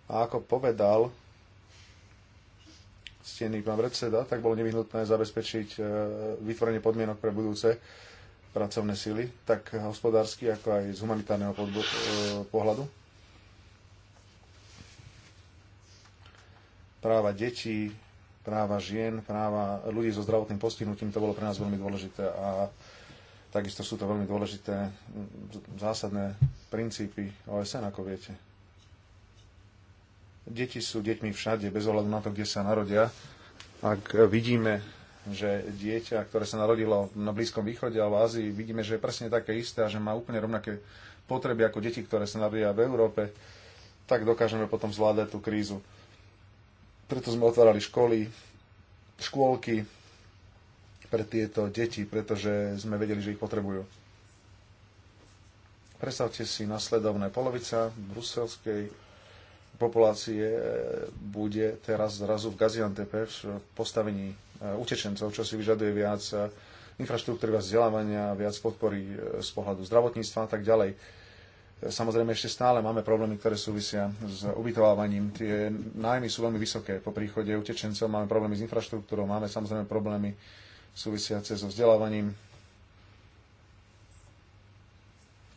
A ako povedal stený pán predseda, tak bolo nevyhnutné zabezpečiť e, vytvorenie podmienok pre budúce pracovné sily, tak hospodársky, ako aj z humanitárneho e, pohľadu. Práva detí, práva žien, práva ľudí so zdravotným postihnutím, to bolo pre nás veľmi dôležité a takisto sú to veľmi dôležité zásadné princípy OSN, ako viete. Deti sú deťmi všade, bez ohľadu na to, kde sa narodia. Ak vidíme, že dieťa, ktoré sa narodilo na Blízkom východe alebo v Ázii, vidíme, že je presne také isté a že má úplne rovnaké potreby ako deti, ktoré sa narodia v Európe, tak dokážeme potom zvládať tú krízu. Preto sme otvárali školy, škôlky pre tieto deti, pretože sme vedeli, že ich potrebujú. Predstavte si nasledovné polovica bruselskej populácie e, bude teraz zrazu v Gaziantepe v postavení e, utečencov, čo si vyžaduje viac e, infraštruktúry, viac vzdelávania, viac podpory z pohľadu zdravotníctva a tak ďalej. Samozrejme, ešte stále máme problémy, ktoré súvisia s ubytovávaním. Tie nájmy sú veľmi vysoké po príchode utečencov, máme problémy s infraštruktúrou, máme samozrejme problémy súvisiace so vzdelávaním.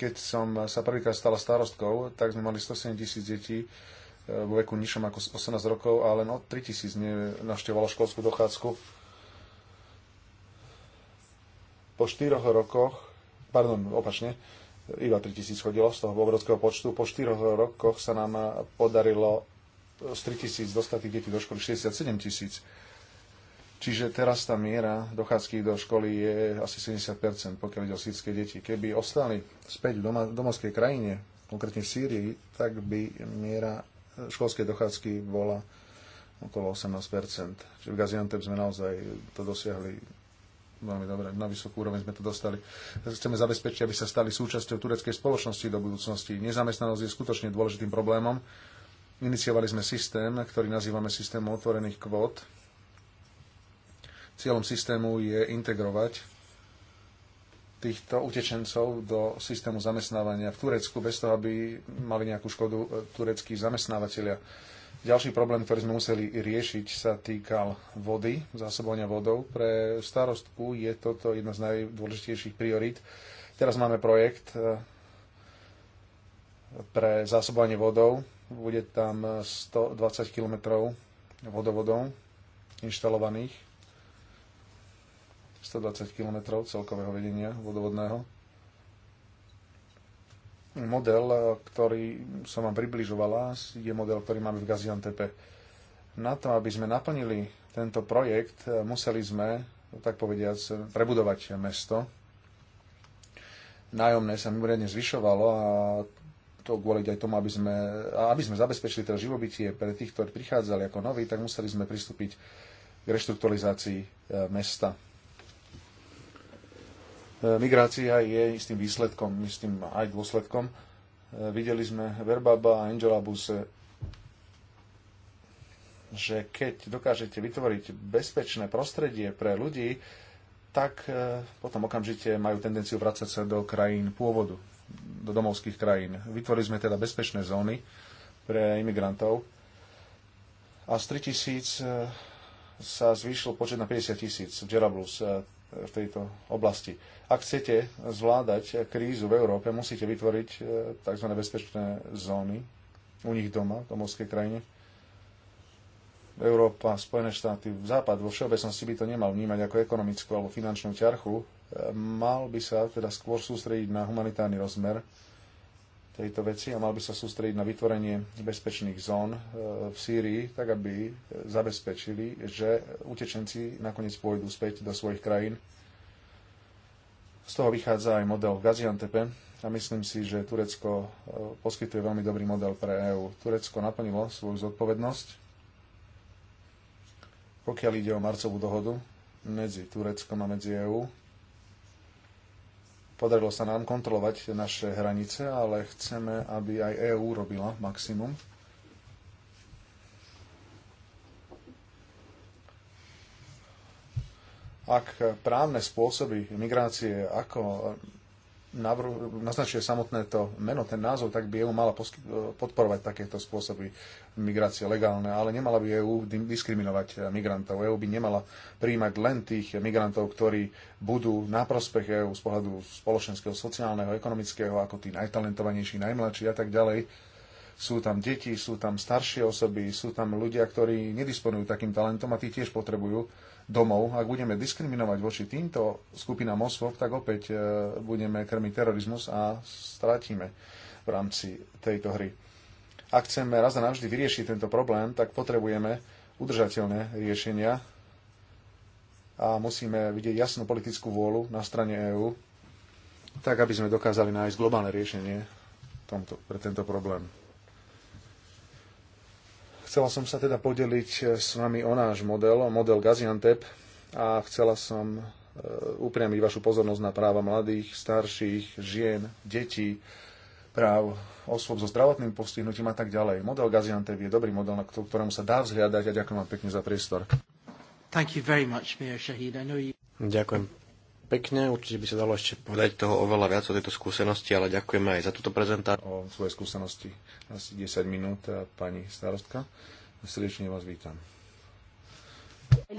Keď som sa prvýkrát stala starostkou, tak sme mali 107 tisíc detí, vo veku nižšom ako 18 rokov a len no, od 3000 navštevovalo školskú dochádzku. Po 4 rokoch, pardon, opačne, iba 3000 chodilo z toho obrovského počtu. Po 4 rokoch sa nám podarilo z 3000 dostať tých detí do školy 67 tisíc. Čiže teraz tá miera dochádzky do školy je asi 70%, pokiaľ ide o sírske deti. Keby ostali späť v doma, domovskej krajine, konkrétne v Sýrii, tak by miera školskej dochádzky bola okolo 18%. Čiže v Gaziantep sme naozaj to dosiahli veľmi dobre, na vysokú úroveň sme to dostali. Chceme zabezpečiť, aby sa stali súčasťou tureckej spoločnosti do budúcnosti. Nezamestnanosť je skutočne dôležitým problémom. Iniciovali sme systém, ktorý nazývame systémom otvorených kvót. Cieľom systému je integrovať týchto utečencov do systému zamestnávania v Turecku, bez toho, aby mali nejakú škodu e, tureckí zamestnávateľia. Ďalší problém, ktorý sme museli riešiť, sa týkal vody, zásobovania vodou. Pre starostku je toto jedna z najdôležitejších priorít. Teraz máme projekt e, pre zásobovanie vodou. Bude tam 120 km vodovodov inštalovaných 120 km celkového vedenia vodovodného. Model, ktorý som vám približovala, je model, ktorý máme v Gaziantepe. Na to, aby sme naplnili tento projekt, museli sme, tak povediac, prebudovať mesto. Nájomné sa mimoriadne zvyšovalo a to kvôli aj tomu, aby sme, aby sme zabezpečili teda živobytie pre tých, ktorí prichádzali ako noví, tak museli sme pristúpiť k reštrukturalizácii e, mesta Migrácia je istým výsledkom, istým aj dôsledkom. Videli sme Verbaba a Angela Buse, že keď dokážete vytvoriť bezpečné prostredie pre ľudí, tak e, potom okamžite majú tendenciu vrácať sa do krajín pôvodu, do domovských krajín. Vytvorili sme teda bezpečné zóny pre imigrantov a z 3000 e, sa zvýšil počet na 50 tisíc v Jerablus. E, v tejto oblasti. Ak chcete zvládať krízu v Európe, musíte vytvoriť e, tzv. bezpečné zóny u nich doma, v domovskej krajine. Európa, Spojené štáty, Západ vo všeobecnosti by to nemal vnímať ako ekonomickú alebo finančnú ťarchu. E, mal by sa teda skôr sústrediť na humanitárny rozmer tejto veci a mal by sa sústrediť na vytvorenie bezpečných zón e, v Sýrii, tak aby zabezpečili, že utečenci nakoniec pôjdu späť do svojich krajín. Z toho vychádza aj model v Gaziantepe a myslím si, že Turecko e, poskytuje veľmi dobrý model pre EÚ. Turecko naplnilo svoju zodpovednosť, pokiaľ ide o marcovú dohodu medzi Tureckom a medzi EÚ Podarilo sa nám kontrolovať naše hranice, ale chceme, aby aj EÚ robila maximum. Ak právne spôsoby migrácie, ako navrhu, naznačuje samotné to meno, ten názov, tak by EU mala e, podporovať takéto spôsoby migrácie legálne, ale nemala by EU diskriminovať e, migrantov. EU by nemala príjmať len tých migrantov, ktorí budú na prospech EU z pohľadu spoločenského, sociálneho, ekonomického, ako tí najtalentovanejší, najmladší a tak ďalej. Sú tam deti, sú tam staršie osoby, sú tam ľudia, ktorí nedisponujú takým talentom a tí tiež potrebujú domov. Ak budeme diskriminovať voči týmto skupinám osôb, tak opäť e, budeme krmiť terorizmus a stratíme v rámci tejto hry. Ak chceme raz a navždy vyriešiť tento problém, tak potrebujeme udržateľné riešenia a musíme vidieť jasnú politickú vôľu na strane EÚ, tak aby sme dokázali nájsť globálne riešenie tomto, pre tento problém. Chcela som sa teda podeliť e, s vami o náš model, model Gaziantep a chcela som e, upriamiť vašu pozornosť na práva mladých, starších, žien, detí, práv osôb so zdravotným postihnutím a tak ďalej. Model Gaziantep je dobrý model, na ktorému sa dá vzhľadať a ďakujem vám pekne za priestor. Thank you very much, Shahid. I know you... Ďakujem pekne, určite by sa dalo ešte povedať toho oveľa viac o tejto skúsenosti, ale ďakujeme aj za túto prezentáciu. O svojej skúsenosti asi 10 minút, pani starostka. Srdečne vás vítam. E,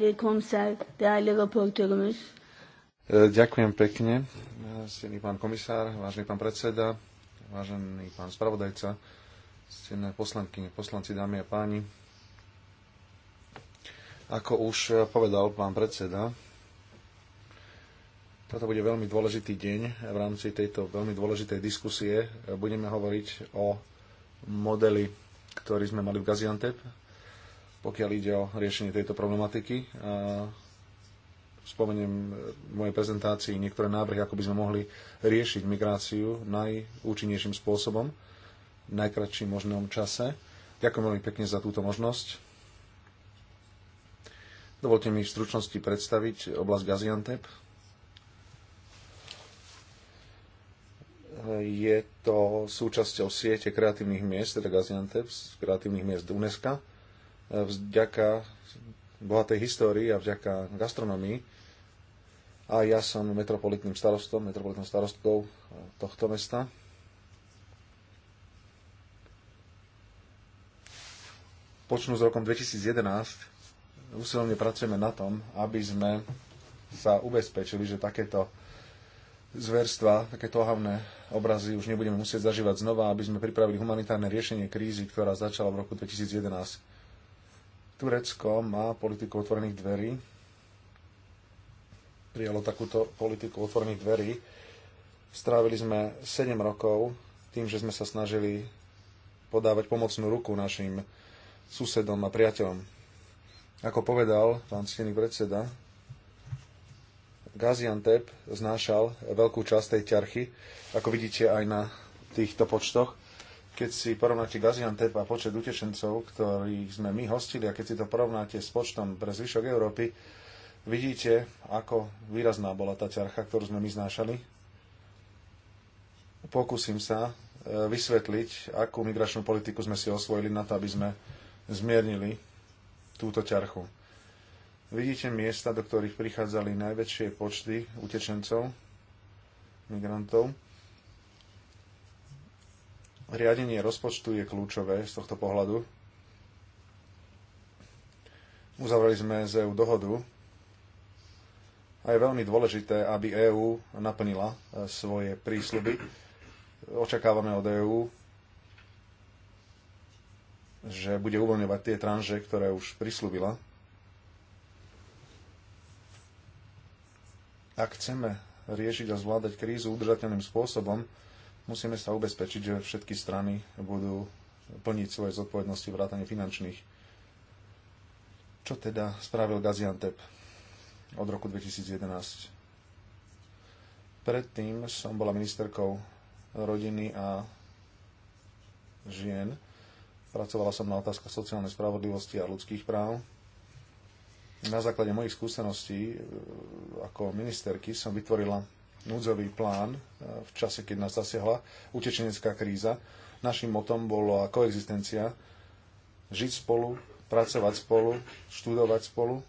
ďakujem pekne, stený pán komisár, vážený pán predseda, vážený pán spravodajca, stené poslanky, poslanci, dámy a páni. Ako už povedal pán predseda, toto bude veľmi dôležitý deň v rámci tejto veľmi dôležitej diskusie. Budeme hovoriť o modeli, ktorý sme mali v Gaziantep, pokiaľ ide o riešenie tejto problematiky. Spomeniem v mojej prezentácii niektoré návrhy, ako by sme mohli riešiť migráciu najúčinnejším spôsobom, v najkračším možnom čase. Ďakujem veľmi pekne za túto možnosť. Dovolte mi v stručnosti predstaviť oblasť Gaziantep je to súčasťou siete kreatívnych miest, teda Gaziantep, kreatívnych miest UNESCO. E, vďaka bohatej histórii a vďaka gastronomii a ja som metropolitným starostom, metropolitnou starostkou e, tohto mesta. Počnú s rokom 2011 úsilovne pracujeme na tom, aby sme sa ubezpečili, že takéto zverstva, takéto tohavné obrazy už nebudeme musieť zažívať znova, aby sme pripravili humanitárne riešenie krízy, ktorá začala v roku 2011. Turecko má politiku otvorených dverí. Prijalo takúto politiku otvorených dverí. Strávili sme 7 rokov tým, že sme sa snažili podávať pomocnú ruku našim susedom a priateľom. Ako povedal pán stený predseda Gaziantep znášal veľkú časť tej ťarchy, ako vidíte aj na týchto počtoch. Keď si porovnáte Gaziantep a počet utečencov, ktorých sme my hostili, a keď si to porovnáte s počtom pre zvyšok Európy, vidíte, ako výrazná bola tá ťarcha, ktorú sme my znášali. Pokúsim sa e, vysvetliť, akú migračnú politiku sme si osvojili na to, aby sme zmiernili túto ťarchu. Vidíte miesta, do ktorých prichádzali najväčšie počty utečencov, migrantov. Riadenie rozpočtu je kľúčové z tohto pohľadu. Uzavreli sme z EU dohodu a je veľmi dôležité, aby EÚ naplnila e, svoje prísľuby. Očakávame od EÚ, že bude uvoľňovať tie tranže, ktoré už prislúbila Ak chceme riešiť a zvládať krízu udržateľným spôsobom, musíme sa ubezpečiť, že všetky strany budú plniť svoje zodpovednosti vrátane finančných. Čo teda spravil Gaziantep od roku 2011? Predtým som bola ministerkou rodiny a žien. Pracovala som na otázkach sociálnej spravodlivosti a ľudských práv na základe mojich skúseností e, ako ministerky som vytvorila núdzový plán e, v čase, keď nás zasiahla utečenecká kríza. Našim motom bola koexistencia, žiť spolu, pracovať spolu, študovať spolu.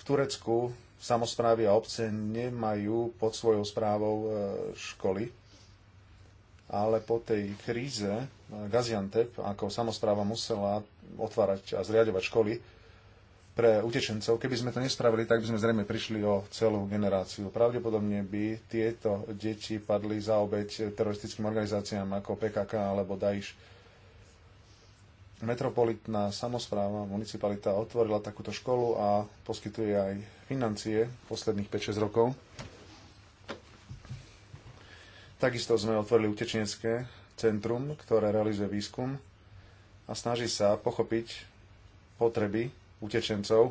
V Turecku samozprávy a obce nemajú pod svojou správou e, školy, ale po tej kríze eh, Gaziantep ako samozpráva musela otvárať a zriadovať školy pre utečencov. Keby sme to nespravili, tak by sme zrejme prišli o celú generáciu. Pravdepodobne by tieto deti padli za obeď teroristickým organizáciám ako PKK alebo Daesh. Metropolitná samozpráva, municipalita otvorila takúto školu a poskytuje aj financie posledných 5-6 rokov Takisto sme otvorili utečenecké centrum, ktoré realizuje výskum a snaží sa pochopiť potreby utečencov.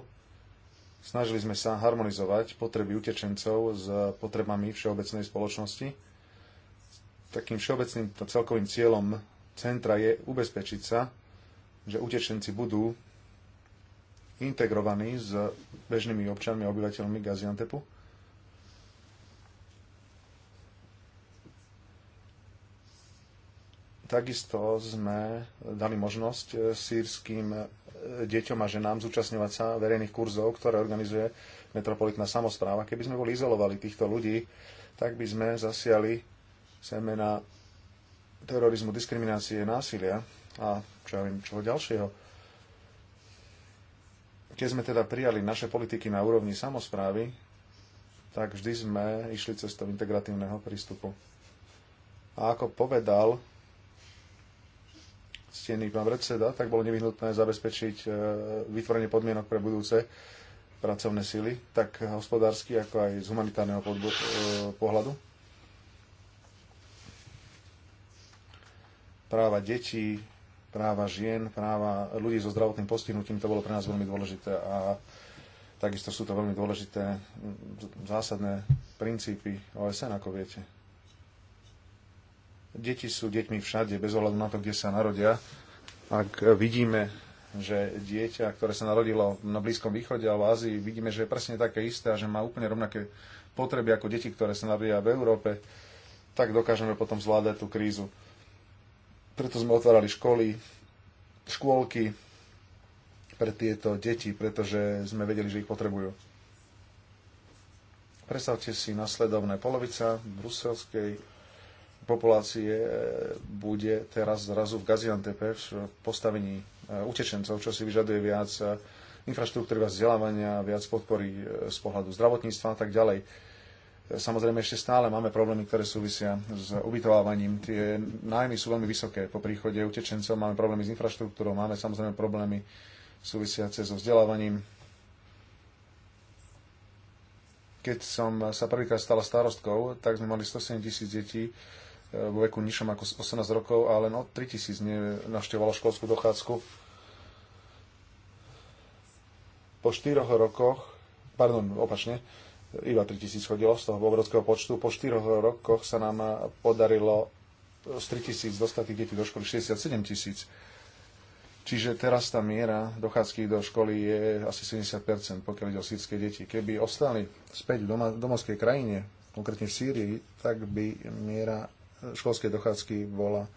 Snažili sme sa harmonizovať potreby utečencov s potrebami všeobecnej spoločnosti. Takým všeobecným celkovým cieľom centra je ubezpečiť sa, že utečenci budú integrovaní s bežnými občanmi a obyvateľmi Gaziantepu Takisto sme dali možnosť eh, sírským eh, deťom a ženám zúčastňovať sa verejných kurzov, ktoré organizuje metropolitná samozpráva. Keby sme boli izolovali týchto ľudí, tak by sme zasiali semena terorizmu, diskriminácie, násilia a čo ja viem, čoho ďalšieho. Keď sme teda prijali naše politiky na úrovni samozprávy, tak vždy sme išli cestou integratívneho prístupu. A ako povedal ctený pán predseda, tak bolo nevyhnutné zabezpečiť e, vytvorenie podmienok pre budúce pracovné síly, tak hospodársky, ako aj z humanitárneho e, pohľadu. Práva detí, práva žien, práva ľudí so zdravotným postihnutím, to bolo pre nás veľmi dôležité a takisto sú to veľmi dôležité zásadné princípy OSN, ako viete. Deti sú deťmi všade, bez ohľadu na to, kde sa narodia. Ak vidíme, že dieťa, ktoré sa narodilo na Blízkom východe a v Ázii, vidíme, že je presne také isté a že má úplne rovnaké potreby ako deti, ktoré sa narodia v Európe, tak dokážeme potom zvládať tú krízu. Preto sme otvárali školy, škôlky pre tieto deti, pretože sme vedeli, že ich potrebujú. Predstavte si nasledovné polovica bruselskej populácie e, bude teraz zrazu v Gaziantepe v postavení e, utečencov, čo si vyžaduje viac e, infraštruktúry, viac vzdelávania, viac podpory z pohľadu zdravotníctva a tak ďalej. Samozrejme, ešte stále máme problémy, ktoré súvisia s ubytovávaním. Tie nájmy sú veľmi vysoké po príchode utečencov, máme problémy s infraštruktúrou, máme samozrejme problémy súvisiace so vzdelávaním. Keď som sa prvýkrát stala starostkou, tak sme mali 107 tisíc detí, vo veku nižšom ako 18 rokov a len no, od 3000 navštevovalo školskú dochádzku. Po 4 rokoch, pardon, opačne, iba 3000 chodilo z toho obrovského počtu. Po 4 rokoch sa nám podarilo z 3000 dostať tých detí do školy 67 tisíc. Čiže teraz tá miera dochádzky do školy je asi 70%, pokiaľ ide o sírske deti. Keby ostali späť v domovskej krajine, konkrétne v Sýrii, tak by miera školskej dochádzky bola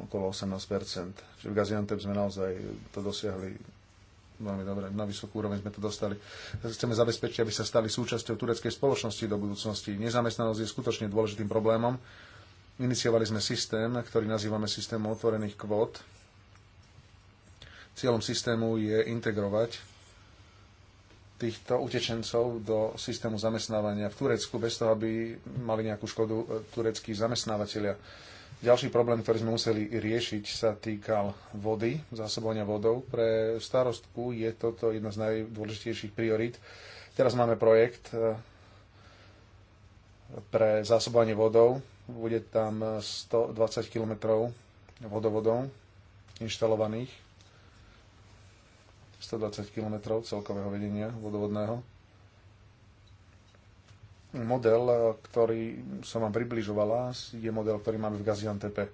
okolo 18 Čiže v Gaziantep sme naozaj to dosiahli veľmi dobre, na vysokú úroveň sme to dostali. Chceme zabezpečiť, aby sa stali súčasťou tureckej spoločnosti do budúcnosti. Nezamestnanosť je skutočne dôležitým problémom. Iniciovali sme systém, ktorý nazývame systém otvorených kvót. Cieľom systému je integrovať týchto utečencov do systému zamestnávania v Turecku, bez toho, aby mali nejakú škodu e, tureckí zamestnávateľia. Ďalší problém, ktorý sme museli riešiť, sa týkal vody, zásobovania vodou. Pre starostku je toto jedna z najdôležitejších priorít. Teraz máme projekt e, pre zásobovanie vodou. Bude tam 120 km vodovodov inštalovaných 120 km celkového vedenia vodovodného. Model, ktorý som vám približovala, je model, ktorý máme v Gaziantepe.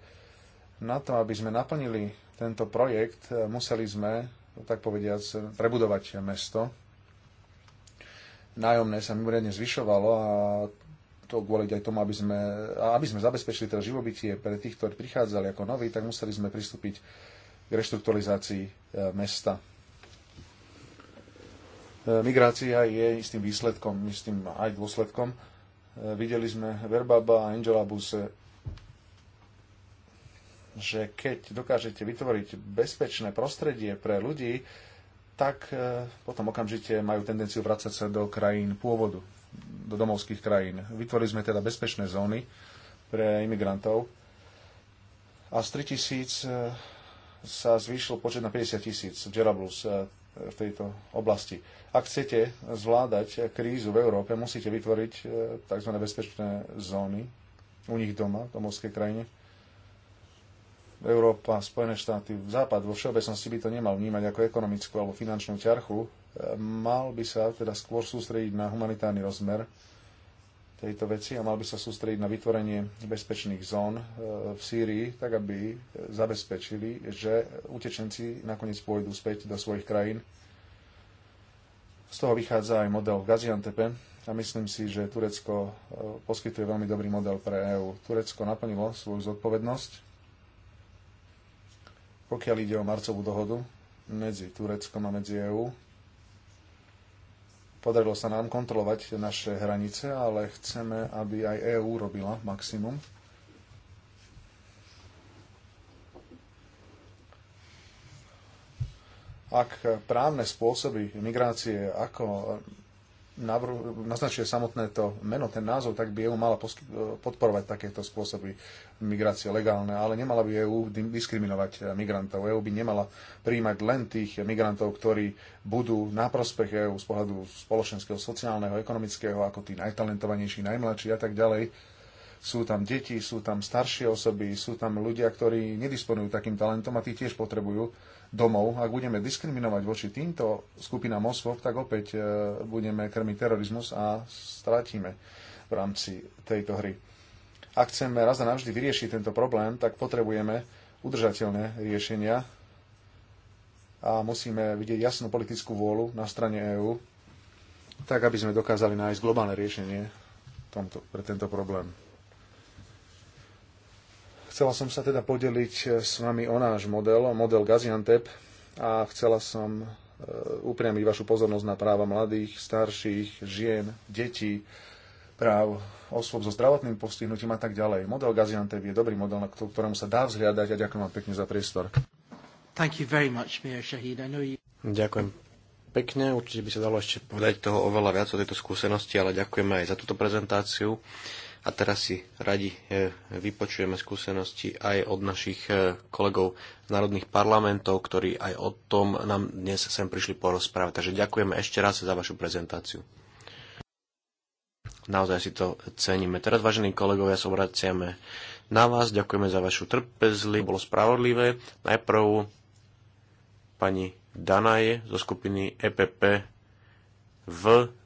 Na to, aby sme naplnili tento projekt, museli sme, tak povediac, prebudovať mesto. Nájomné sa mimoriadne zvyšovalo a to kvôli aj tomu, aby sme, aby sme zabezpečili teda živobytie pre tých, ktorí prichádzali ako noví, tak museli sme pristúpiť k reštrukturalizácii e, mesta. Migrácia je istým výsledkom, istým aj dôsledkom. Videli sme Verbaba a Angela Buse, že keď dokážete vytvoriť bezpečné prostredie pre ľudí, tak e, potom okamžite majú tendenciu vrácať sa do krajín pôvodu, do domovských krajín. Vytvorili sme teda bezpečné zóny pre imigrantov a z 3000 e, sa zvýšil počet na 50 tisíc v Džerablus. E, v tejto oblasti. Ak chcete zvládať krízu v Európe, musíte vytvoriť e, tzv. bezpečné zóny u nich doma, v domovskej krajine. Európa, Spojené štáty, Západ vo všeobecnosti by to nemal vnímať ako ekonomickú alebo finančnú ťarchu. E, mal by sa teda skôr sústrediť na humanitárny rozmer tejto veci a mal by sa sústrediť na vytvorenie bezpečných zón e, v Sýrii, tak aby zabezpečili, že utečenci nakoniec pôjdu späť do svojich krajín. Z toho vychádza aj model Gaziantepe a myslím si, že Turecko e, poskytuje veľmi dobrý model pre EÚ. Turecko naplnilo svoju zodpovednosť, pokiaľ ide o marcovú dohodu medzi Tureckom a medzi EÚ Podarilo sa nám kontrolovať naše hranice, ale chceme, aby aj EÚ robila maximum. Ak právne spôsoby migrácie, ako navrhu, naznačuje samotné to meno, ten názov, tak by EU mala podporovať takéto spôsoby migrácie legálne, ale nemala by EU diskriminovať eh, migrantov. EU by nemala príjmať len tých migrantov, ktorí budú na prospech EU z pohľadu spoločenského, sociálneho, ekonomického, ako tí najtalentovanejší, najmladší a tak ďalej. Sú tam deti, sú tam staršie osoby, sú tam ľudia, ktorí nedisponujú takým talentom a tí tiež potrebujú domov. Ak budeme diskriminovať voči týmto skupinám osôb, tak opäť e, budeme krmiť terorizmus a stratíme v rámci tejto hry. Ak chceme raz a navždy vyriešiť tento problém, tak potrebujeme udržateľné riešenia a musíme vidieť jasnú politickú vôľu na strane EÚ, tak aby sme dokázali nájsť globálne riešenie tomto, pre tento problém. Chcela som sa teda podeliť e, s vami o náš model, model Gaziantep a chcela som e, upriamiť vašu pozornosť na práva mladých, starších, žien, detí, práv osôb so zdravotným postihnutím a tak ďalej. Model Gaziantep je dobrý model, na ktorému sa dá vzhľadať a ďakujem vám pekne za priestor. Thank you very much, Mayor Shahid. I know you... Ďakujem pekne. Určite by sa dalo ešte povedať toho oveľa viac o tejto skúsenosti, ale ďakujeme aj za túto prezentáciu. A teraz si radi e, vypočujeme skúsenosti aj od našich e, kolegov z národných parlamentov, ktorí aj o tom nám dnes sem prišli porozprávať. Takže ďakujeme ešte raz za vašu prezentáciu. Naozaj si to ceníme. Teraz, vážení kolegovia, sa obraciame na vás. Ďakujeme za vašu trpezli. Bolo spravodlivé. Najprv pani Danaje zo skupiny EPP v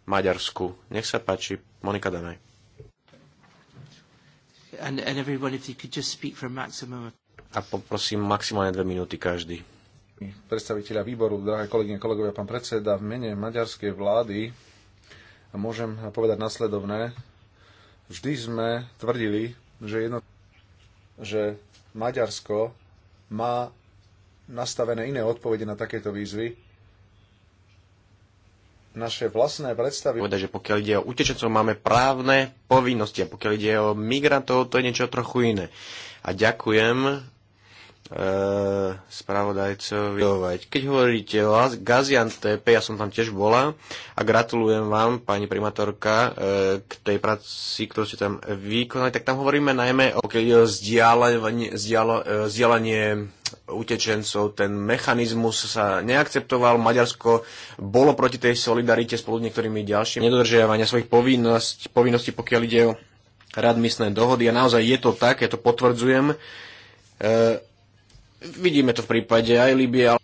Maďarsku. Nech sa páči, Monika Danaj and, and everyone, if you could just speak for a maximum. A poprosím maximálne dve minúty každý. Predstaviteľa výboru, drahé kolegyne, kolegovia, pán predseda, v mene maďarskej vlády môžem povedať nasledovné. Vždy sme tvrdili, že, jedno, že Maďarsko má nastavené iné odpovede na takéto výzvy, naše vlastné predstavy. Povedať, že pokiaľ ide o utečencov, máme právne povinnosti a pokiaľ ide o migrantov, to je niečo trochu iné. A ďakujem e, spravodajcovi. Keď hovoríte o Gaziantepe, ja som tam tiež bola a gratulujem vám, pani primátorka, e, k tej práci, ktorú ste tam vykonali, tak tam hovoríme najmä o vzdialenie, vzdialenie utečencov. Ten mechanizmus sa neakceptoval. Maďarsko bolo proti tej solidarite spolu s niektorými ďalšími nedodržiavania svojich povinnosť, povinností, pokiaľ ide o radmisné dohody. A naozaj je to tak, ja to potvrdzujem. E, vidíme to v prípade aj Libie, ale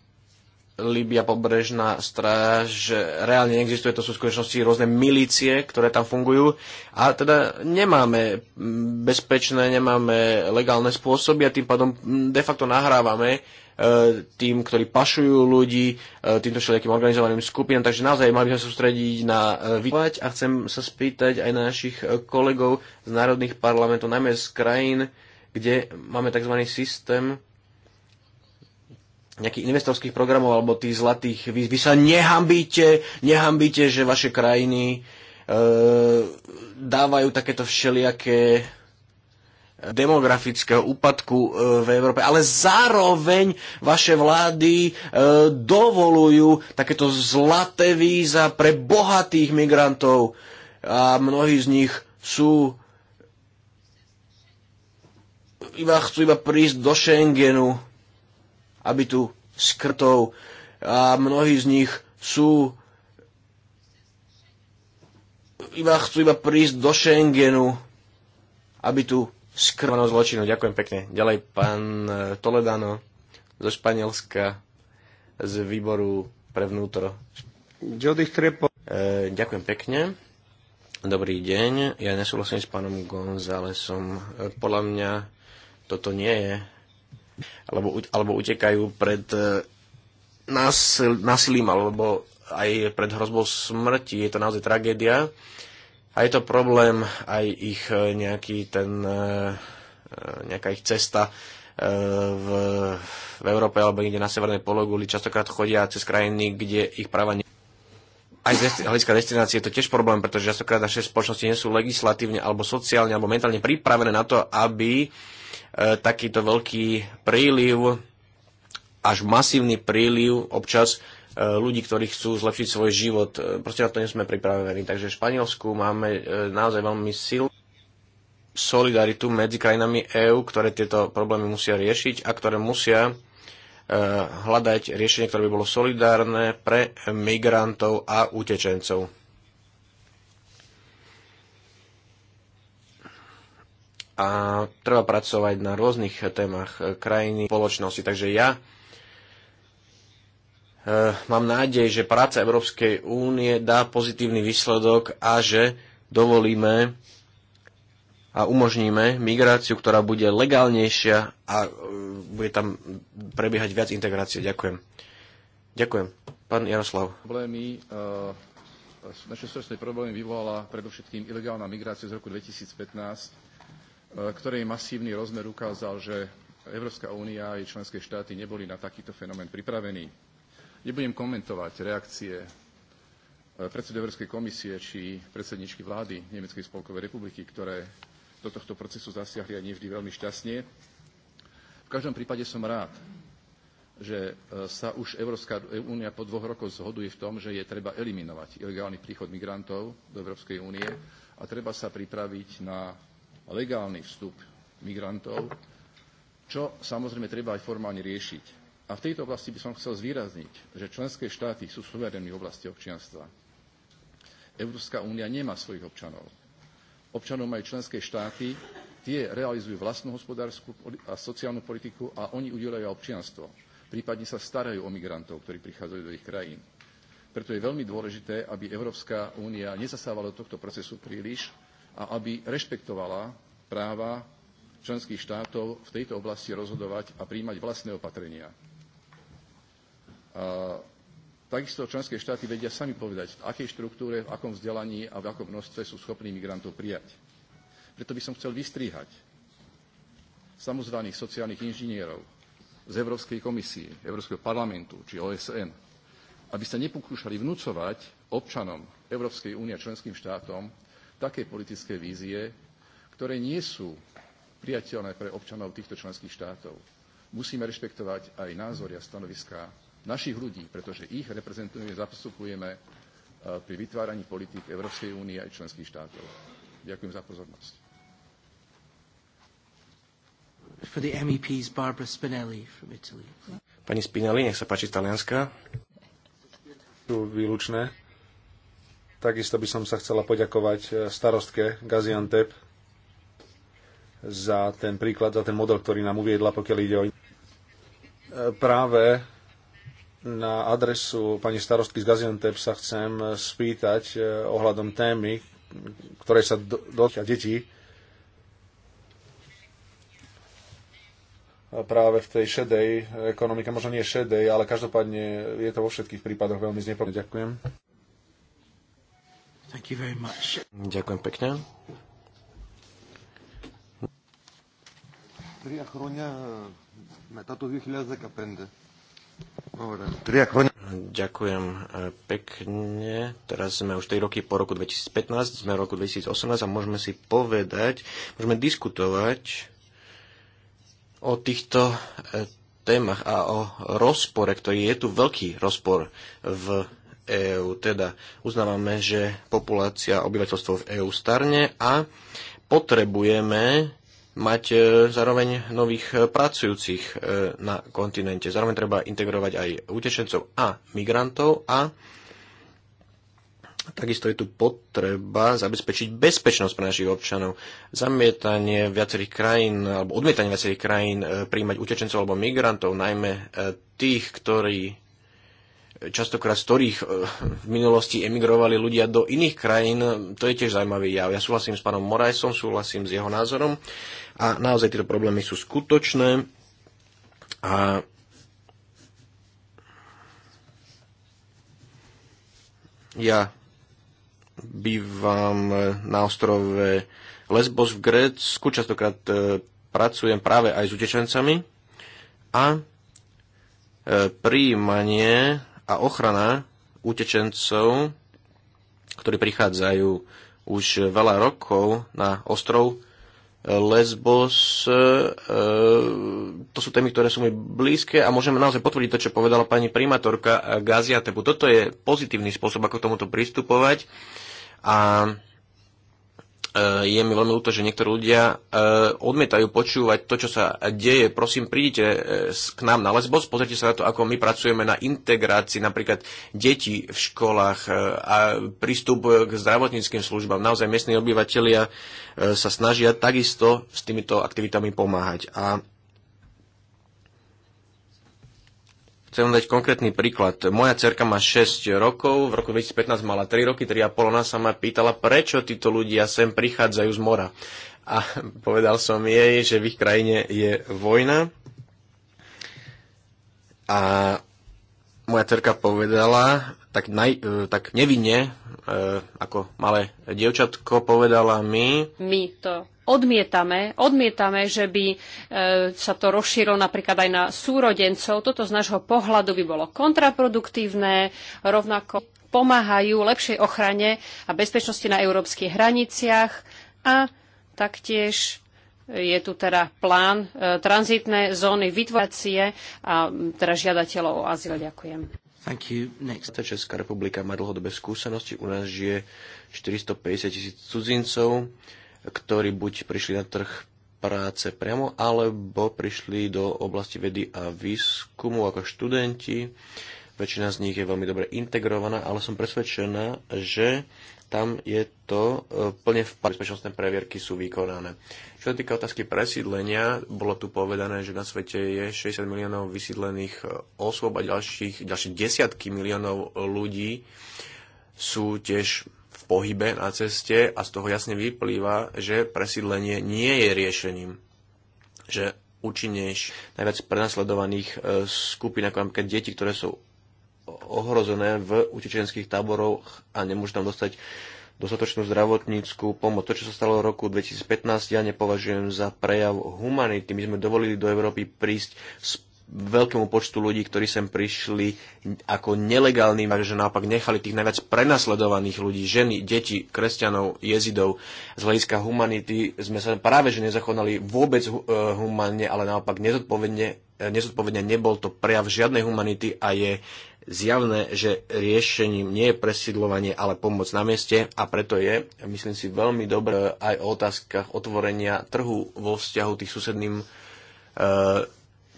Libia pobrežná stráž že reálne neexistuje, to sú v skutočnosti rôzne milície, ktoré tam fungujú a teda nemáme bezpečné, nemáme legálne spôsoby a tým pádom de facto nahrávame e, tým, ktorí pašujú ľudí, e, týmto všelijakým organizovaným skupinám. Takže naozaj mali by sme sústrediť na e, vytvať a chcem sa spýtať aj na našich kolegov z národných parlamentov, najmä z krajín, kde máme tzv. systém nejakých investorských programov alebo tých zlatých víz. Vy sa nehambíte, nehambíte, že vaše krajiny e, dávajú takéto všelijaké demografického úpadku e, v Európe, ale zároveň vaše vlády e, dovolujú takéto zlaté víza pre bohatých migrantov a mnohí z nich sú iba chcú iba prísť do Schengenu aby tu skrtov a mnohí z nich sú iba chcú iba prísť do Schengenu, aby tu skrvano zločinu. Ďakujem pekne. Ďalej pán e, Toledano zo Španielska z výboru pre vnútro. E, ďakujem pekne. Dobrý deň. Ja nesúhlasím s pánom Gonzálesom. E, podľa mňa toto nie je alebo, alebo utekajú pred e, násil, násilím alebo aj pred hrozbou smrti. Je to naozaj tragédia a je to problém aj ich e, nejaký ten, e, nejaká ich cesta v, v Európe alebo niekde na severnej pologuli. Častokrát chodia cez krajiny, kde ich práva nie... Aj z hľadiska destinácie je to tiež problém, pretože častokrát naše spoločnosti nie sú legislatívne alebo sociálne alebo mentálne pripravené na to, aby uh, E, takýto veľký príliv, až masívny príliv občas e, ľudí, ktorí chcú zlepšiť svoj život. E, proste na to nie sme pripravení. Takže v Španielsku máme naozaj veľmi silnú solidaritu medzi krajinami EÚ, ktoré tieto problémy musia riešiť a ktoré musia hľadať riešenie, ktoré by bolo solidárne pre migrantov a utečencov. a treba pracovať na rôznych témach e, krajiny, spoločnosti. Takže ja e, mám nádej, že práca Európskej únie dá pozitívny výsledok a že dovolíme a umožníme migráciu, ktorá bude legálnejšia a e, bude tam prebiehať viac integrácie. Ďakujem. Ďakujem. Pán Jaroslav. Problémy, uh, naše srdečné problémy vyvolala predovšetkým ilegálna migrácia z roku 2015 E, ktorej masívny rozmer ukázal, že Európska únia a jej členské štáty neboli na takýto fenomén pripravení. Nebudem komentovať reakcie e, predsedu Európskej komisie či predsedničky vlády Nemeckej spolkovej republiky, ktoré do tohto procesu zasiahli a nevždy veľmi šťastne. V každom prípade som rád, že e, sa už Európska únia po dvoch rokoch zhoduje v tom, že je treba eliminovať ilegálny príchod migrantov do Európskej únie a treba sa pripraviť na legálny vstup migrantov, čo samozrejme treba aj formálne riešiť. A v tejto oblasti by som chcel zvýrazniť, že členské štáty sú suverénne v oblasti občianstva. Európska únia nemá svojich občanov. Občanov majú členské štáty, tie realizujú vlastnú hospodárskú a sociálnu politiku a oni udelajú občianstvo. Prípadne sa starajú o migrantov, ktorí prichádzajú do ich krajín. Preto je veľmi dôležité, aby Európska únia nezasávala do tohto procesu príliš a aby rešpektovala práva členských štátov v tejto oblasti rozhodovať a príjmať vlastné opatrenia. A takisto členské štáty vedia sami povedať, v akej štruktúre, v akom vzdelaní a v akom množstve sú schopní migrantov prijať. Preto by som chcel vystriehať samozvaných sociálnych inžinierov z Európskej komisie, Európskeho parlamentu či OSN, aby sa nepokúšali vnúcovať občanom Európskej únie a členským štátom také politické vízie, ktoré nie sú priateľné pre občanov týchto členských štátov. Musíme rešpektovať aj názory a stanoviská našich ľudí, pretože ich reprezentujeme, zastupujeme eh, pri vytváraní politík Európskej únie aj členských štátov. Ďakujem za pozornosť. For the MEPs, Barbara Spinelli from Italy. Pani Spinelli, nech sa páči z Talianska. výlučné Takisto by som sa chcela poďakovať e, starostke Gaziantep za ten príklad, za ten model, ktorý nám uviedla, pokiaľ ide o e, práve na adresu pani starostky z Gaziantep sa chcem spýtať e, ohľadom témy, ktoré sa dotýka detí. Práve v tej šedej ekonomike, možno nie šedej, ale každopádne je to vo všetkých prípadoch veľmi znepokojujúce. Ďakujem. Thank you very much. Ďakujem pekne. Eh, Ďakujem eh, pekne. Teraz sme už 3 roky po roku 2015, sme v roku 2018 a môžeme si povedať, môžeme diskutovať o týchto eh, témach a o rozpore, ktorý je tu veľký rozpor v EÚ. Teda uznávame, že populácia obyvateľstvo v EÚ starne a potrebujeme mať e, zároveň nových pracujúcich e, na kontinente. Zároveň treba integrovať aj utečencov a migrantov a takisto je tu potreba zabezpečiť bezpečnosť pre našich občanov. Zamietanie viacerých krajín, alebo odmietanie viacerých krajín e, príjmať utečencov alebo migrantov, najmä tých, ktorí častokrát z ktorých e, v minulosti emigrovali ľudia do iných krajín, to je tiež zaujímavý jav. Ja súhlasím s pánom Morajsom, súhlasím s jeho názorom a naozaj tieto problémy sú skutočné a ja bývam na ostrove Lesbos v Grécku, častokrát e, pracujem práve aj s utečencami a e, príjmanie a ochrana utečencov, ktorí prichádzajú už veľa rokov na ostrov Lesbos. E, to sú témy, ktoré sú mi blízke a môžeme naozaj potvrdiť to, čo povedala pani primátorka Gaziatepu. Toto je pozitívny spôsob, ako k tomuto pristupovať a Eh, je mi veľmi ľúto, že niektorí ľudia eh, odmietajú počúvať to, čo sa deje. Prosím, prídite eh, k nám na Lesbos, pozrite sa na to, ako my pracujeme na integrácii napríklad detí v školách a prístup k zdravotníckým službám. Naozaj miestni obyvateľia sa snažia takisto s týmito aktivitami pomáhať. A Chcem dať konkrétny príklad. Moja cerka má 6 rokov, v roku 2015 mala 3 roky, 3,5 ona sa ma pýtala, prečo títo ľudia sem prichádzajú z mora. A povedal som jej, že v ich krajine je vojna. A moja cerka povedala, tak, naj, e, tak nevinne, e, ako malé dievčatko povedala mi... My to odmietame, odmietame, že by e, sa to rozšírilo napríklad aj na súrodencov. Toto z nášho pohľadu by bolo kontraproduktívne, rovnako pomáhajú lepšej ochrane a bezpečnosti na európskych hraniciach a taktiež je tu teda plán e, tranzitné zóny vytvorácie a teda žiadateľov o azyl. Ďakujem. Thank you. Next. Česká republika má dlhodobé skúsenosti. U nás žije 450 tisíc cudzincov ktorí buď prišli na trh práce priamo, alebo prišli do oblasti vedy a výskumu ako študenti. Väčšina z nich je veľmi dobre integrovaná, ale som presvedčená, že tam je to e, plne v bezpečnostné previerky sú vykonané. Čo sa týka otázky presídlenia, bolo tu povedané, že na svete je 60 miliónov vysídlených e, osôb a ďalších, ďalších desiatky miliónov ľudí sú tiež pohybe na ceste a z toho jasne vyplýva, že presídlenie nie je riešením. Že účinnejšie najviac prenasledovaných e, skupín, ako napríklad deti, ktoré sú ohrozené v utečenských táboroch a nemôžu tam dostať dostatočnú zdravotníckú pomoc. To, čo sa stalo v roku 2015, ja nepovažujem za prejav humanity. My sme dovolili do Európy prísť s veľkému počtu ľudí, ktorí sem prišli ako nelegálni, že naopak nechali tých najviac prenasledovaných ľudí, ženy, deti, kresťanov, jezidov. Z hľadiska humanity sme sa práve že nezachovali vôbec eh, humánne, ale naopak nezodpovedne, eh, nezodpovedne nebol to prejav žiadnej humanity a je zjavné, že riešením nie je presídlovanie, ale pomoc na mieste a preto je, myslím si, veľmi dobré aj o otázkach otvorenia trhu vo vzťahu tých susedným eh,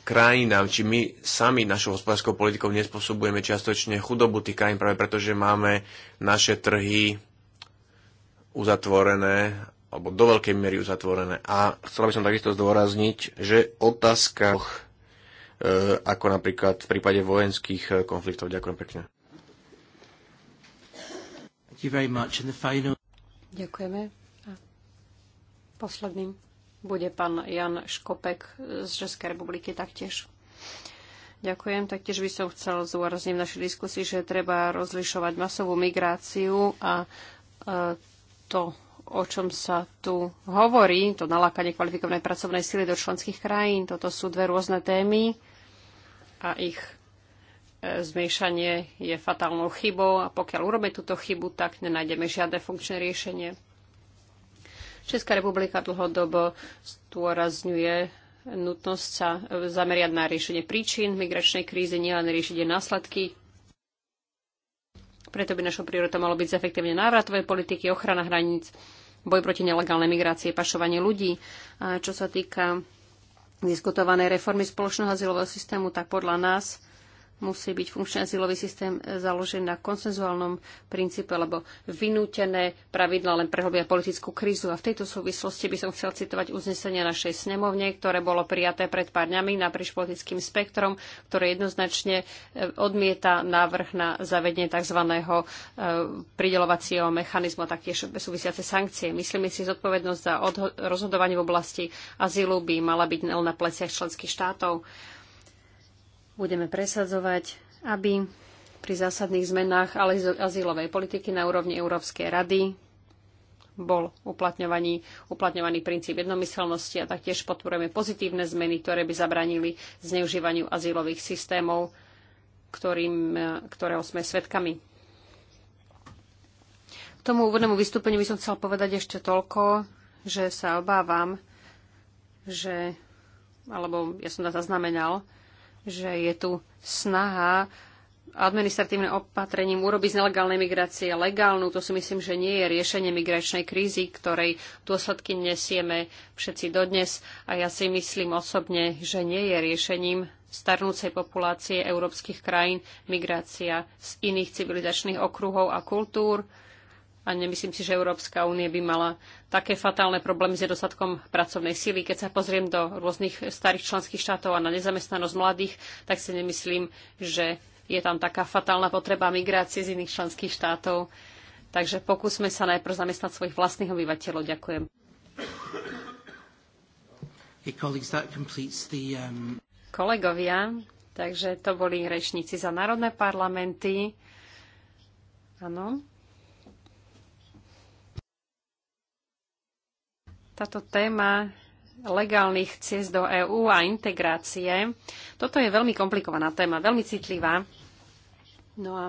krajinám, či my sami našou hospodárskou politikou nespôsobujeme čiastočne chudobu tých krajín práve preto, že máme naše trhy uzatvorené alebo do veľkej miery uzatvorené. A chcel by som takisto zdôrazniť, že otázka eh, ako napríklad v prípade vojenských eh, konfliktov. Ďakujem pekne. Ďakujeme. A posledným bude pán Jan Škopek z Českej republiky taktiež. Ďakujem. Taktiež by som chcel zúrazniť v našej diskusii, že treba rozlišovať masovú migráciu a e, to, o čom sa tu hovorí, to nalákanie kvalifikovanej pracovnej sily do členských krajín, toto sú dve rôzne témy a ich e, zmiešanie je fatálnou chybou a pokiaľ urobíme túto chybu, tak nenájdeme žiadne funkčné riešenie. Česká republika dlhodobo stôrazňuje nutnosť sa zameriať na riešenie príčin migračnej krízy, nielen riešenie následky. Preto by našou prioritou malo byť zefektívne návratové politiky, ochrana hraníc, boj proti nelegálnej migrácii, pašovanie ľudí. A čo sa týka diskutovanej reformy spoločného azylového systému, tak podľa nás musí byť funkčný azylový systém založený na konsenzuálnom princípe, lebo vynútené pravidla len prehlbia politickú krízu. A v tejto súvislosti by som chcel citovať uznesenie našej snemovne, ktoré bolo prijaté pred pár dňami naprieč politickým spektrom, ktoré jednoznačne e, odmieta návrh na zavedenie tzv. E, pridelovacieho mechanizmu a taktiež súvisiace sankcie. Myslíme si, zodpovednosť za rozhodovanie v oblasti azylu by mala byť na pleciach členských štátov budeme presadzovať, aby pri zásadných zmenách azylovej politiky na úrovni Európskej rady bol uplatňovaný, uplatňovaný princíp jednomyselnosti a taktiež podporujeme pozitívne zmeny, ktoré by zabranili zneužívaniu azylových systémov, ktorým, ktorého sme svedkami. K tomu úvodnému vystúpeniu by som chcel povedať ešte toľko, že sa obávam, že, alebo ja som to zaznamenal, že je tu snaha administratívnym opatrením urobiť z nelegálnej migrácie legálnu. To si myslím, že nie je riešenie migračnej krízy, ktorej dôsledky nesieme všetci dodnes. A ja si myslím osobne, že nie je riešením starnúcej populácie európskych krajín migrácia z iných civilizačných okruhov a kultúr a nemyslím si, že Európska únie by mala také fatálne problémy s nedostatkom pracovnej síly. Keď sa pozriem do rôznych starých členských štátov a na nezamestnanosť mladých, tak si nemyslím, že je tam taká fatálna potreba migrácie z iných členských štátov. Takže pokúsme sa najprv zamestnať svojich vlastných obyvateľov. Ďakujem. Hey, the, um... Kolegovia, takže to boli rečníci za národné parlamenty. Áno. táto téma legálnych ciest do EÚ a integrácie. Toto je veľmi komplikovaná téma, veľmi citlivá. No a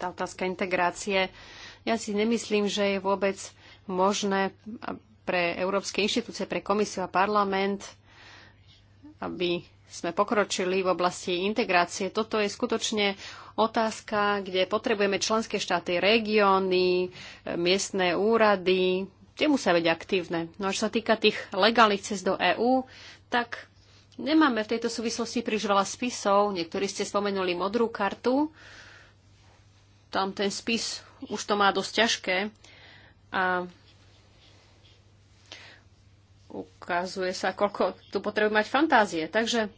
tá otázka integrácie, ja si nemyslím, že je vôbec možné pre európske inštitúcie, pre komisiu a parlament, aby sme pokročili v oblasti integrácie. Toto je skutočne otázka, kde potrebujeme členské štáty, regióny, miestne úrady, tie musia byť aktívne. No a čo sa týka tých legálnych cest do EÚ, tak nemáme v tejto súvislosti príliš veľa spisov. Niektorí ste spomenuli modrú kartu. Tam ten spis už to má dosť ťažké. A ukazuje sa, koľko tu potrebuje mať fantázie. Takže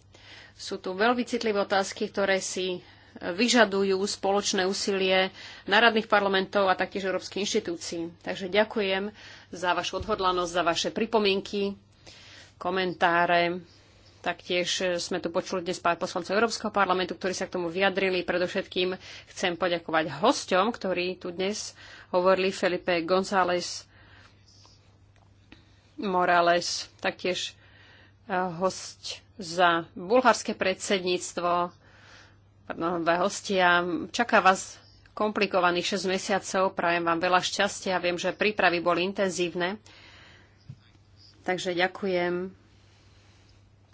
sú tu veľmi citlivé otázky, ktoré si vyžadujú spoločné úsilie národných parlamentov a taktiež európskych inštitúcií. Takže ďakujem za vašu odhodlanosť, za vaše pripomienky, komentáre. Taktiež eh, sme tu počuli dnes pár poslancov Európskeho parlamentu, ktorí sa k tomu vyjadrili. Predovšetkým chcem poďakovať hosťom, ktorí tu dnes hovorili Felipe González Morales, taktiež eh, host za bulharské predsedníctvo, pardon, dva hostia. Čaká vás komplikovaných 6 mesiacov. Prajem vám veľa šťastia. Viem, že prípravy boli intenzívne. Takže ďakujem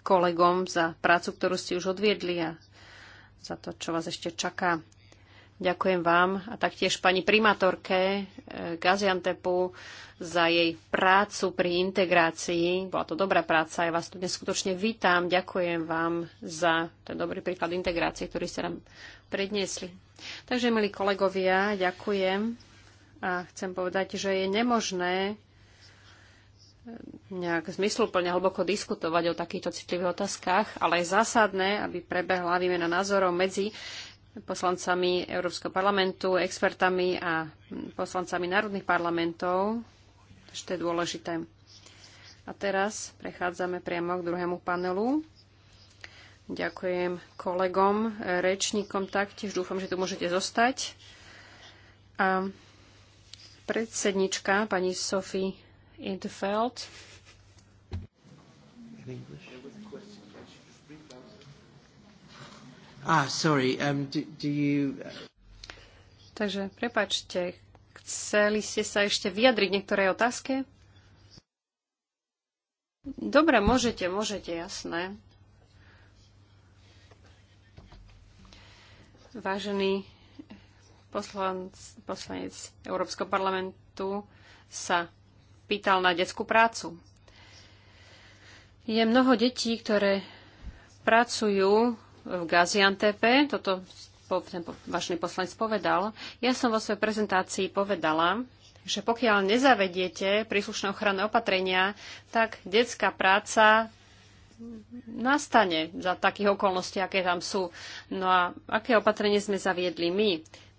kolegom za prácu, ktorú ste už odviedli a za to, čo vás ešte čaká. Ďakujem vám a taktiež pani primátorke eh, Gaziantepu za jej prácu pri integrácii. Bola to dobrá práca, ja vás tu dnes skutočne vítam. Ďakujem vám za ten dobrý príklad integrácie, ktorý ste nám predniesli. Takže, milí kolegovia, ďakujem a chcem povedať, že je nemožné eh, nejak zmysluplne hlboko diskutovať o takýchto citlivých otázkach, ale je zásadné, aby prebehla výmena názorov medzi poslancami Európskeho parlamentu, expertami a poslancami národných parlamentov. Ešte je dôležité. A teraz prechádzame priamo k druhému panelu. Ďakujem kolegom, rečníkom taktiež. Dúfam, že tu môžete zostať. A predsednička, pani Sophie Intefeld. Ah, sorry, um, do, do you... Uh, Takže, prepačte, chceli ste sa ešte vyjadriť niektoré otázke? Dobre, môžete, môžete, jasné. Vážený poslanc, poslanec Európskeho parlamentu sa pýtal na detskú prácu. Je mnoho detí, ktoré pracujú v Gaziantepe, toto ten vážny poslanec povedal. Ja som vo svojej prezentácii povedala, že pokiaľ nezavediete príslušné ochranné opatrenia, tak detská práca nastane za takých okolností, aké tam sú. No a aké opatrenie sme zaviedli my?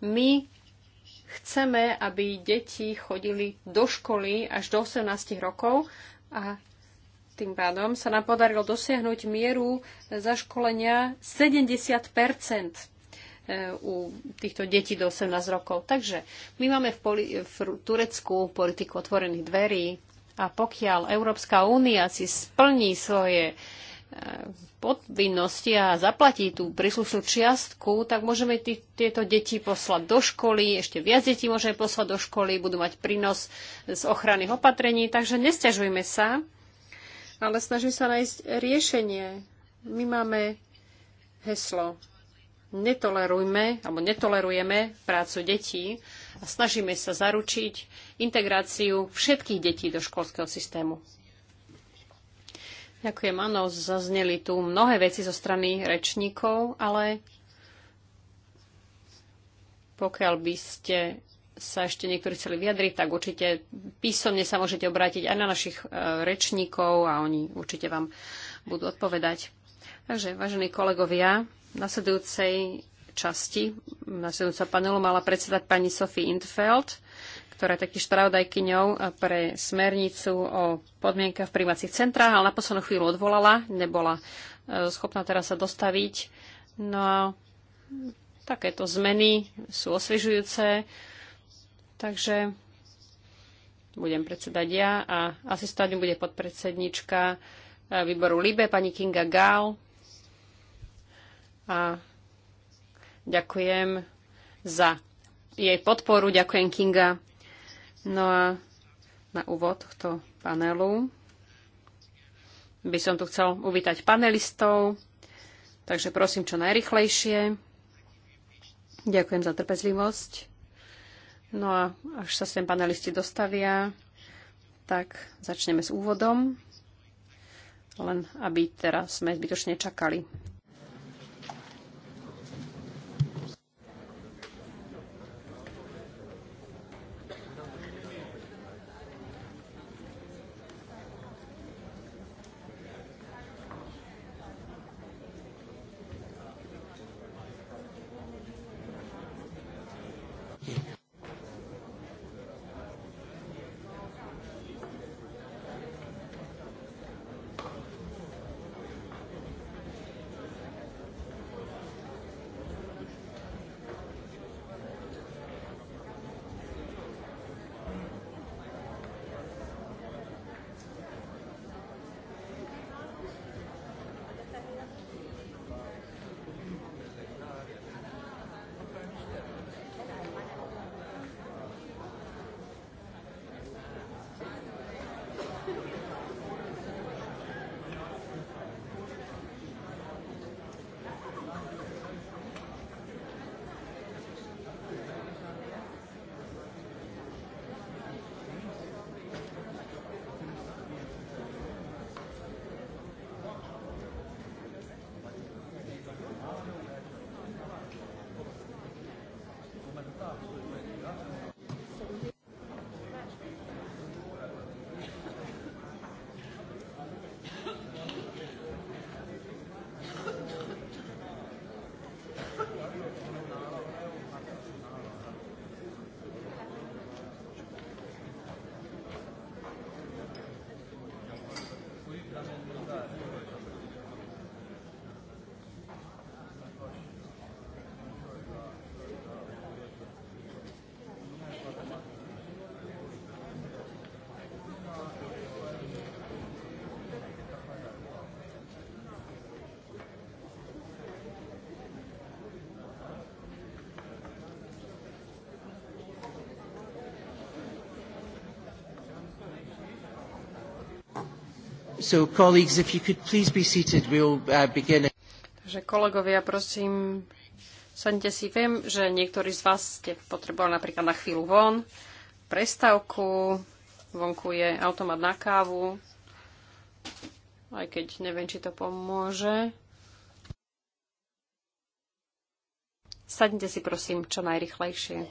My chceme, aby deti chodili do školy až do 18 rokov a tým pádom sa nám podarilo dosiahnuť mieru zaškolenia 70 eh, u týchto detí do 18 rokov. Takže my máme v, poli- v Turecku politiku otvorených dverí, a pokiaľ Európska únia si splní svoje e, povinnosti a zaplatí tú príslušnú čiastku, tak môžeme tieto deti poslať do školy, ešte viac detí môžeme poslať do školy, budú mať prínos z ochranných opatrení, takže nestiažujme sa, ale snažíme sa nájsť riešenie. My máme heslo netolerujme, alebo netolerujeme prácu detí, a snažíme sa zaručiť integráciu všetkých detí do školského systému. Ďakujem, áno, zazneli tu mnohé veci zo strany rečníkov, ale pokiaľ by ste sa ešte niektorí chceli vyjadriť, tak určite písomne sa môžete obrátiť aj na našich e, rečníkov a oni určite vám budú odpovedať. Takže, vážení kolegovia, v nasledujúcej časti nasledujúca panelu mala predsedať pani Sophie Intfeld, ktorá je taktiež spravodajkyňou pre smernicu o podmienkach v príjmacích centrách, ale na poslednú chvíľu odvolala, nebola e, schopná teraz sa dostaviť. No a takéto zmeny sú osviežujúce, takže budem predsedať ja a asistovať bude podpredsednička e, výboru LIBE, pani Kinga Gál. A Ďakujem za jej podporu. Ďakujem Kinga. No a na úvod tohto panelu by som tu chcel uvítať panelistov, takže prosím čo najrychlejšie. Ďakujem za trpezlivosť. No a až sa sem panelisti dostavia, tak začneme s úvodom, len aby teraz sme zbytočne čakali. Uh, Takže kolegovia, prosím, sadnite si. Viem, že niektorí z vás ste potrebovali napríklad na chvíľu von, prestávku, vonku je automat na kávu, aj keď neviem, či to pomôže. Sadnite si prosím čo najrychlejšie.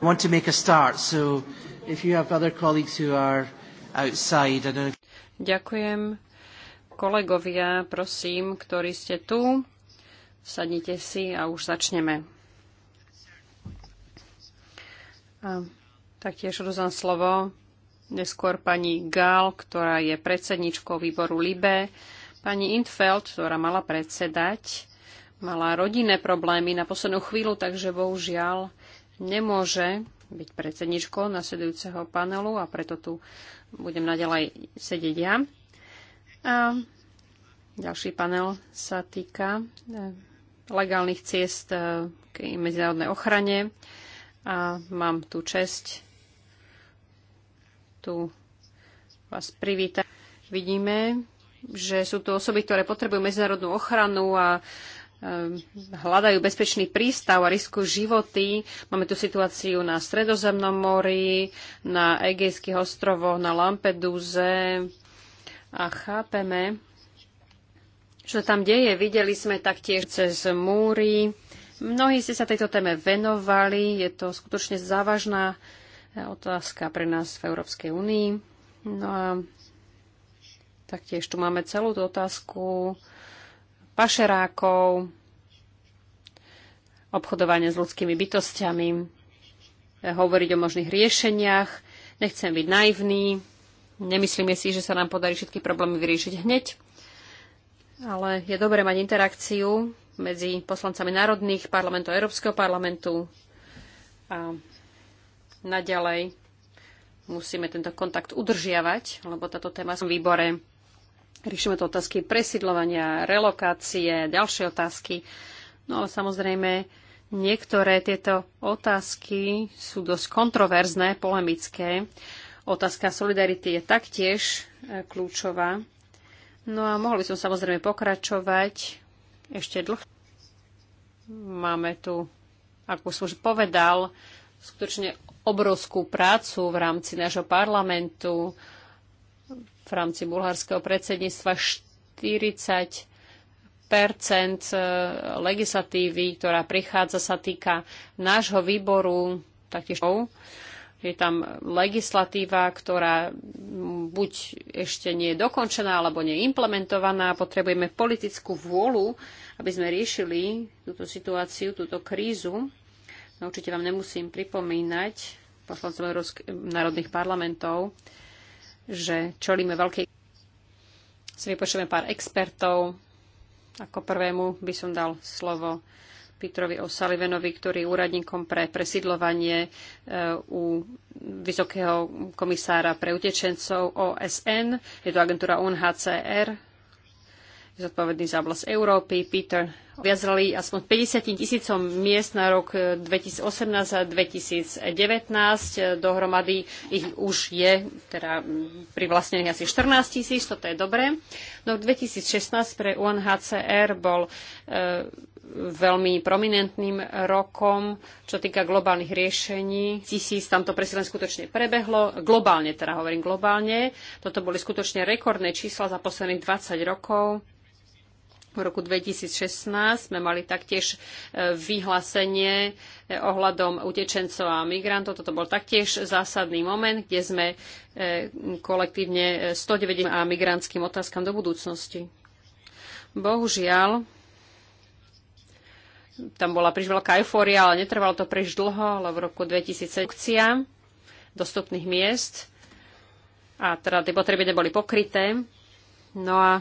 want to make a start, so if you have other colleagues who are outside, I don't Ďakujem. Kolegovia, prosím, ktorí ste tu, sadnite si a už začneme. A taktiež rozdám slovo neskôr pani Gál, ktorá je predsedničkou výboru LIBE, pani Intfeld, ktorá mala predsedať, mala rodinné problémy na poslednú chvíľu, takže bohužiaľ nemôže byť predsedničkou nasledujúceho panelu a preto tu budem naďalej sedieť ja. A ďalší panel sa týka eh, legálnych ciest eh, k medzinárodnej ochrane a mám tu čest tu vás privítať. Vidíme, že sú tu osoby, ktoré potrebujú medzinárodnú ochranu a Ehm, hľadajú bezpečný prístav a riskujú životy. Máme tu situáciu na Stredozemnom mori, na Egejských ostrovoch, na Lampeduze a chápeme, čo tam deje. Videli sme taktiež cez múry. Mnohí ste sa tejto téme venovali. Je to skutočne závažná eh, otázka pre nás v Európskej únii. No a taktiež tu máme celú tú otázku pašerákov, obchodovanie s ľudskými bytostiami, hovoriť o možných riešeniach. Nechcem byť naivný, nemyslíme si, že sa nám podarí všetky problémy vyriešiť hneď, ale je dobré mať interakciu medzi poslancami národných parlamentov, Európskeho parlamentu a naďalej musíme tento kontakt udržiavať, lebo táto téma v výbore Riešime to otázky presídľovania, relokácie, ďalšie otázky. No ale samozrejme, niektoré tieto otázky sú dosť kontroverzné, polemické. Otázka solidarity je taktiež e, kľúčová. No a mohol by som samozrejme pokračovať ešte dlho. Máme tu, ako som už povedal, skutočne obrovskú prácu v rámci nášho parlamentu v rámci bulharského predsedníctva 40 e, legislatívy, ktorá prichádza, sa týka nášho výboru, taktiež je tam legislatíva, ktorá buď ešte nie je dokončená, alebo nie je implementovaná. Potrebujeme politickú vôľu, aby sme riešili túto situáciu, túto krízu. No, určite vám nemusím pripomínať poslancov národných parlamentov, že čolíme veľkej... Si vypočujeme pár expertov. Ako prvému by som dal slovo Petrovi O'Sullivanovi, ktorý je úradníkom pre presidlovanie e, u Vysokého komisára pre utečencov OSN. Je to agentúra UNHCR, zodpovedný za oblasť Európy, Peter, viazali aspoň 50 tisícom miest na rok 2018 eh, a 2019. Eh, dohromady ich už je, teda mm, pri vlastnených asi 14 tisíc, toto je dobré. No v 2016 pre UNHCR bol e, veľmi prominentným rokom, čo týka globálnych riešení. Tisíc tam to presne len skutočne prebehlo, globálne teda hovorím globálne. Toto boli skutočne rekordné čísla za posledných 20 rokov. V roku 2016 sme mali taktiež e, vyhlásenie e, ohľadom utečencov a migrantov. Toto bol taktiež zásadný moment, kde sme e, kolektívne 190 a migrantským otázkam do budúcnosti. Bohužiaľ, tam bola príliš veľká eufória, ale netrvalo to príliš dlho, ale v roku 2007 akcia dostupných miest a teda tie potreby neboli pokryté. No a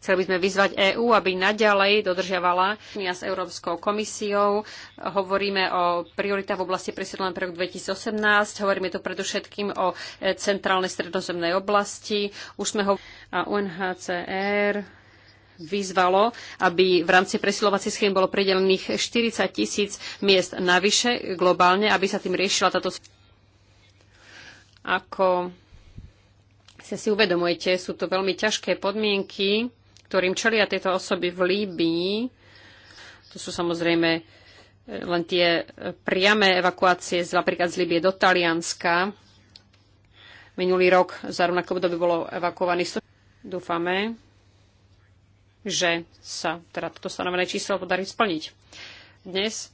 Chceli by sme vyzvať EÚ, aby naďalej dodržiavala ja s Európskou komisiou. Hovoríme o prioritách v oblasti presídlenia pre rok 2018. Hovoríme tu predovšetkým o e, centrálnej stredozemnej oblasti. Už sme ho a UNHCR vyzvalo, aby v rámci presilovacích schém bolo pridelených 40 tisíc miest navyše globálne, aby sa tým riešila táto... Ako sa si uvedomujete, sú to veľmi ťažké podmienky ktorým čelia tieto osoby v Líbii. To sú samozrejme e, len tie e, priame evakuácie z, napríklad z Líbie do Talianska. Minulý rok za rovnaké obdobie bolo evakuovaných. Dúfame, že sa teda toto stanovené číslo podarí splniť. Dnes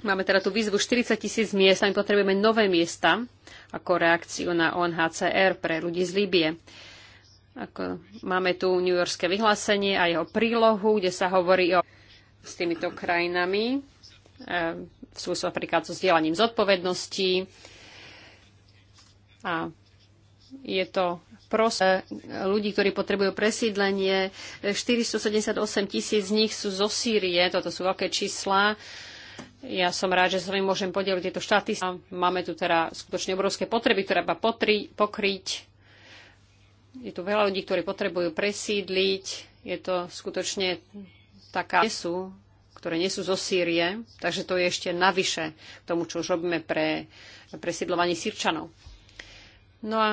Máme teda tú výzvu 40 tisíc miest a my potrebujeme nové miesta ako reakciu na ONHCR pre ľudí z Líbie. Ako, máme tu New Yorkské vyhlásenie a jeho prílohu, kde sa hovorí o s týmito krajinami e, v súvislosti napríklad so vzdielaním zodpovedností. A je to proste ľudí, ktorí potrebujú presídlenie. 478 tisíc z nich sú zo Sýrie, toto sú veľké čísla. Ja som rád, že sa vami môžem podeliť tieto štáty. Máme tu teda skutočne obrovské potreby, ktoré treba pokryť. Je tu veľa ľudí, ktorí potrebujú presídliť. Je to skutočne taká sú, ktoré nie sú zo Sýrie, takže to je ešte navyše k tomu, čo už robíme pre presídlovanie Sýrčanov. No a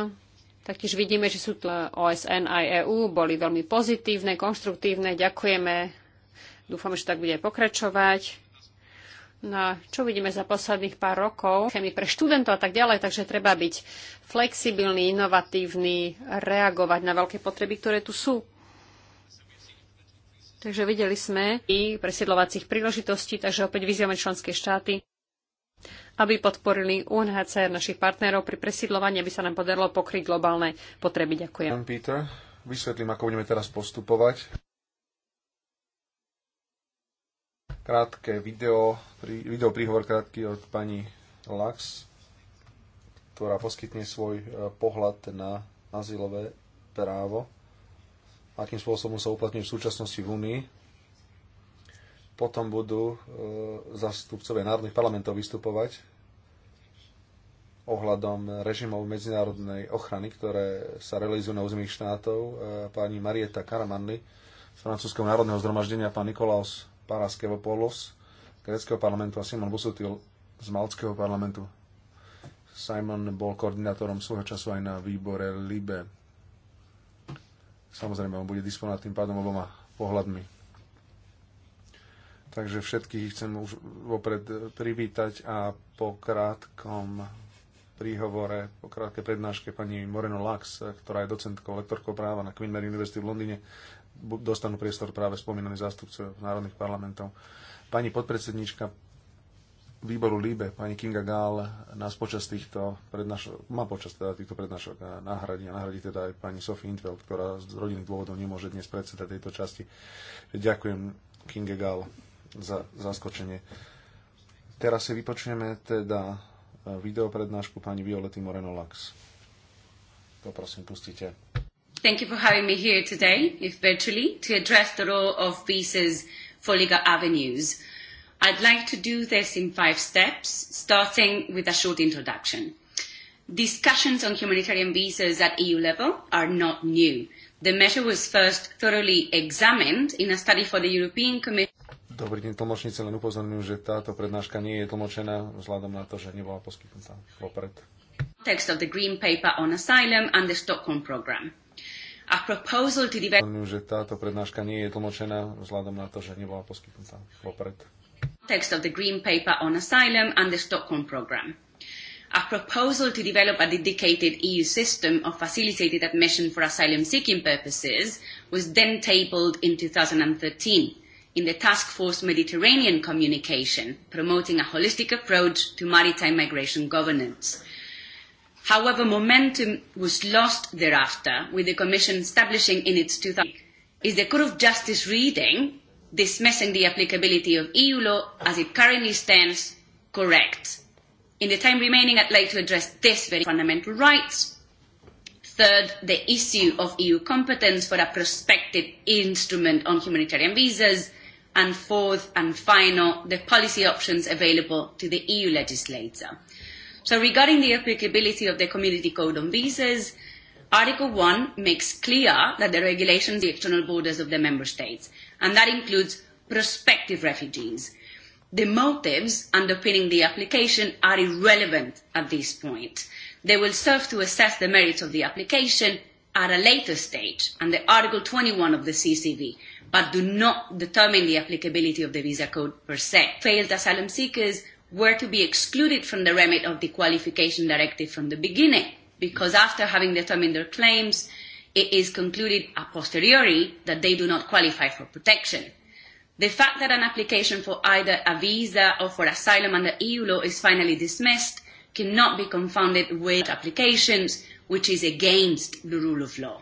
taktiež vidíme, že sú tu OSN a EU, boli veľmi pozitívne, konštruktívne, ďakujeme, dúfame, že tak bude pokračovať na čo vidíme za posledných pár rokov, chémy pre študentov a tak ďalej, takže treba byť flexibilný, inovatívny, reagovať na veľké potreby, ktoré tu sú. Takže videli sme i presiedlovacích príležitostí, takže opäť vyzývame členské štáty, aby podporili UNHCR našich partnerov pri presiedlovaní, aby sa nám podarilo pokryť globálne potreby. Ďakujem. vysvetlím, ako budeme teraz postupovať. krátke video, video príhovor krátky od pani Lax, ktorá poskytne svoj e, pohľad na azylové právo, akým spôsobom sa uplatňuje v súčasnosti v Únii. Potom budú e, zastupcovia národných parlamentov vystupovať ohľadom režimov medzinárodnej ochrany, ktoré sa realizujú na území štátov. E, pani Marieta Karamanli z Francúzského národného zhromaždenia, pán Nikolaus Paras Kevopoulos z greckého parlamentu a Simon Busutil z malckého parlamentu. Simon bol koordinátorom svojho času aj na výbore LIBE. Samozrejme, on bude disponovať tým pádom oboma pohľadmi. Takže všetkých chcem už vopred privítať a po krátkom príhovore, po krátkej prednáške pani Moreno Lax, ktorá je docentkou, lektorkou práva na Queen Mary University v Londýne, dostanú priestor práve spomínaní zástupcov národných parlamentov. Pani podpredsedníčka výboru Líbe, pani Kinga Gál, nás počas týchto prednášok, má počas teda týchto prednášok a náhradí a náhradí teda aj pani Sophie Intveld, ktorá z rodinných dôvodov nemôže dnes predsedať tejto časti. Ďakujem Kinge Gál za zaskočenie. Teraz si vypočujeme teda e, videoprednášku pani Violety Moreno-Lax. Poprosím, pustite. Thank you for having me here today, if virtually, to address the role of visas for legal avenues. I'd like to do this in five steps, starting with a short introduction. Discussions on humanitarian visas at EU level are not new. The measure was first thoroughly examined in a study for the European Commission. Dobrý deň, tlmočnice, len upozorňujem, že táto prednáška nie je tlmočená vzhľadom na to, že nebola poskytnutá vopred. Text of the Green Paper on Asylum and the Stockholm Programme. A proposal to develop... že táto prednáška nie je tlmočená vzhľadom na to, že nebola poskytnutá vopred. Text of the Green Paper on Asylum and the Stockholm Programme. A proposal to develop a dedicated EU system of facilitated admission for asylum seeking purposes was then tabled in 2013 in the Task Force Mediterranean Communication, promoting a holistic approach to maritime migration governance. However, momentum was lost thereafter, with the Commission establishing in its 2000 is the Court of Justice reading dismissing the applicability of EU law as it currently stands correct? In the time remaining, I'd like to address this very fundamental rights. Third, the issue of EU competence for a prospective instrument on humanitarian visas. And fourth and final, the policy options available to the EU legislator. So regarding the applicability of the Community Code on Visas, Article 1 makes clear that the regulations the external borders of the member states, and that includes prospective refugees. The motives underpinning the application are irrelevant at this point. They will serve to assess the merits of the application at a later stage under Article 21 of the CCV, but do not determine the applicability of the visa code per se. Failed asylum seekers were to be excluded from the remit of the qualification directive from the beginning, because after having determined their claims, it is concluded a posteriori that they do not qualify for protection. The fact that an application for either a visa or for asylum under EU law is finally dismissed cannot be confounded with applications, which is against the rule of law.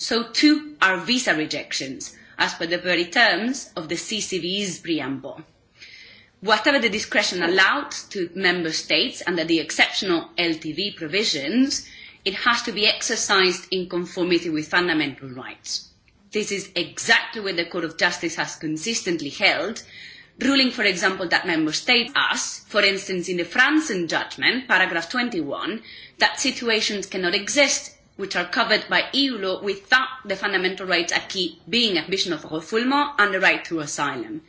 so too are visa rejections, as per the very terms of the CCV's preamble. Whatever the discretion allowed to member states under the exceptional LTV provisions, it has to be exercised in conformity with fundamental rights. This is exactly what the Court of Justice has consistently held, ruling, for example, that member states us, for instance, in the Franzen judgment, paragraph twenty one, that situations cannot exist which are covered by EU law without the fundamental rights acquis being a vision of refoulement and the right to asylum.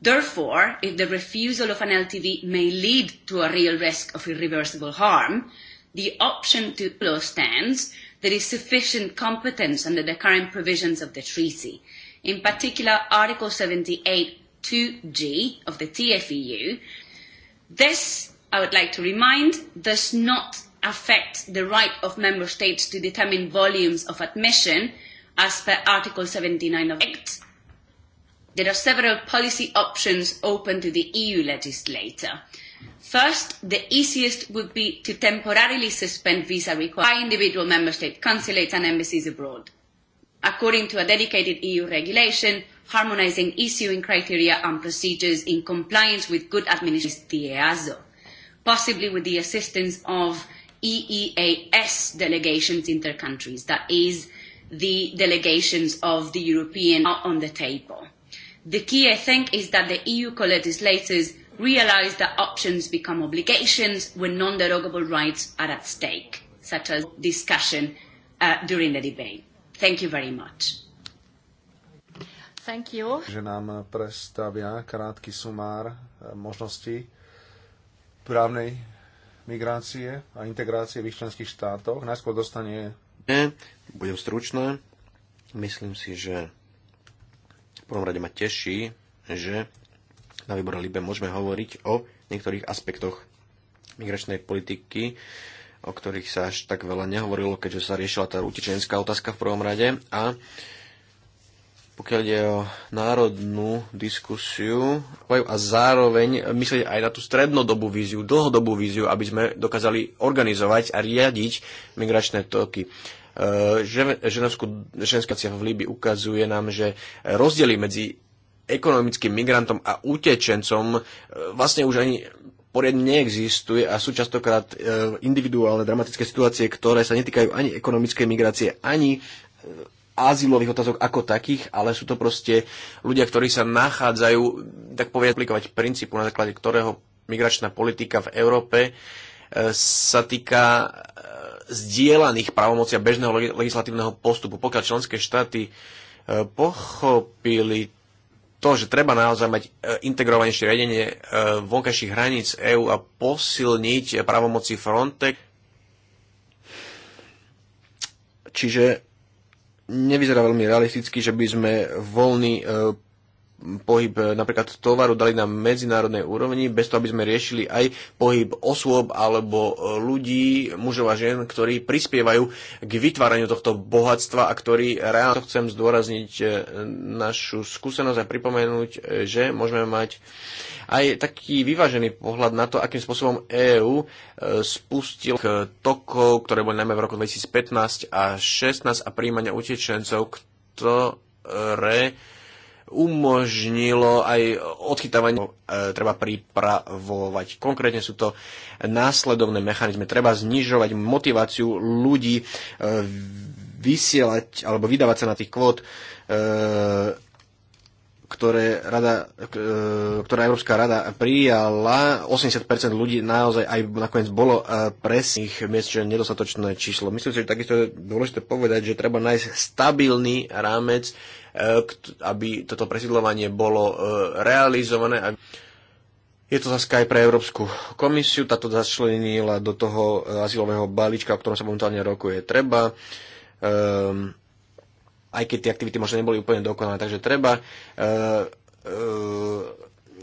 Therefore, if the refusal of an LTV may lead to a real risk of irreversible harm, the option to e law stands there is sufficient competence under the current provisions of the treaty. In particular, Article seventy eight 2G of the TFEU. This, I would like to remind, does not affect the right of member states to determine volumes of admission as per Article seventy nine of the Act, there are several policy options open to the EU legislator. First, the easiest would be to temporarily suspend visa requirements by individual member state consulates and embassies abroad. According to a dedicated EU regulation, harmonising issuing criteria and procedures in compliance with good administration, the EASO, possibly with the assistance of EEAS delegations their countries, that is, the delegations of the European are on the table. The key, I think, is that the EU co-legislators realise that options become obligations when non-derogable rights are at stake, such as discussion uh, during the debate. Thank you very much. Thank you. Že nám predstavia krátky sumár e, právnej migrácie a integrácie v ich členských štátoch. Najskôr dostane... Ne, budem stručná. Myslím si, že v prvom rade ma teší, že na výbore LIBE môžeme hovoriť o niektorých aspektoch migračnej politiky, o ktorých sa až tak veľa nehovorilo, keďže sa riešila tá utečenská otázka v prvom rade. A pokiaľ ide o národnú diskusiu a zároveň myslieť aj na tú strednodobú víziu, dlhodobú víziu, aby sme dokázali organizovať a riadiť migračné toky. E, Ženevskú, ženská v Líbi ukazuje nám, že rozdiely medzi ekonomickým migrantom a utečencom e, vlastne už ani poriadne neexistuje a sú častokrát e, individuálne dramatické situácie, ktoré sa netýkajú ani ekonomickej migrácie, ani azylových otázok ako takých, ale sú to proste ľudia, ktorí sa nachádzajú, tak povedať, aplikovať princípu, na základe ktorého migračná politika v Európe e, sa týka e, zdieľaných a bežného legislatívneho postupu. Pokiaľ členské štáty e, pochopili to, že treba naozaj mať integrovanejšie riadenie vonkajších hraníc EÚ a posilniť právomoci Frontex, čiže nevyzerá veľmi realisticky, že by sme voľný e, pohyb napríklad tovaru dali na medzinárodnej úrovni, bez toho, aby sme riešili aj pohyb osôb alebo e, ľudí, mužov a žien, ktorí prispievajú k vytváraniu tohto bohatstva a ktorí reálne to chcem zdôrazniť e, našu skúsenosť a pripomenúť, e, že môžeme mať aj taký vyvážený pohľad na to, akým spôsobom EÚ spustil tokov, ktoré boli najmä v roku 2015 a 2016 a príjmania utečencov, ktoré umožnilo aj odchytávanie, e, treba pripravovať. Konkrétne sú to následovné mechanizmy. Treba znižovať motiváciu ľudí e, vysielať alebo vydávať sa na tých kvót, e, ktoré, rada, ktorá Európska rada prijala. 80% ľudí naozaj aj nakoniec bolo presných miest, čo je nedostatočné číslo. Myslím si, že takisto je dôležité povedať, že treba nájsť stabilný rámec, Eh, aby toto presidlovanie bolo eh, realizované. Je to zase aj pre Európsku komisiu, táto začlenila do toho eh, azylového balíčka, o ktorom sa momentálne rokuje. Treba um, aj keď tie aktivity možno neboli úplne dokonalé. Takže treba uh, uh,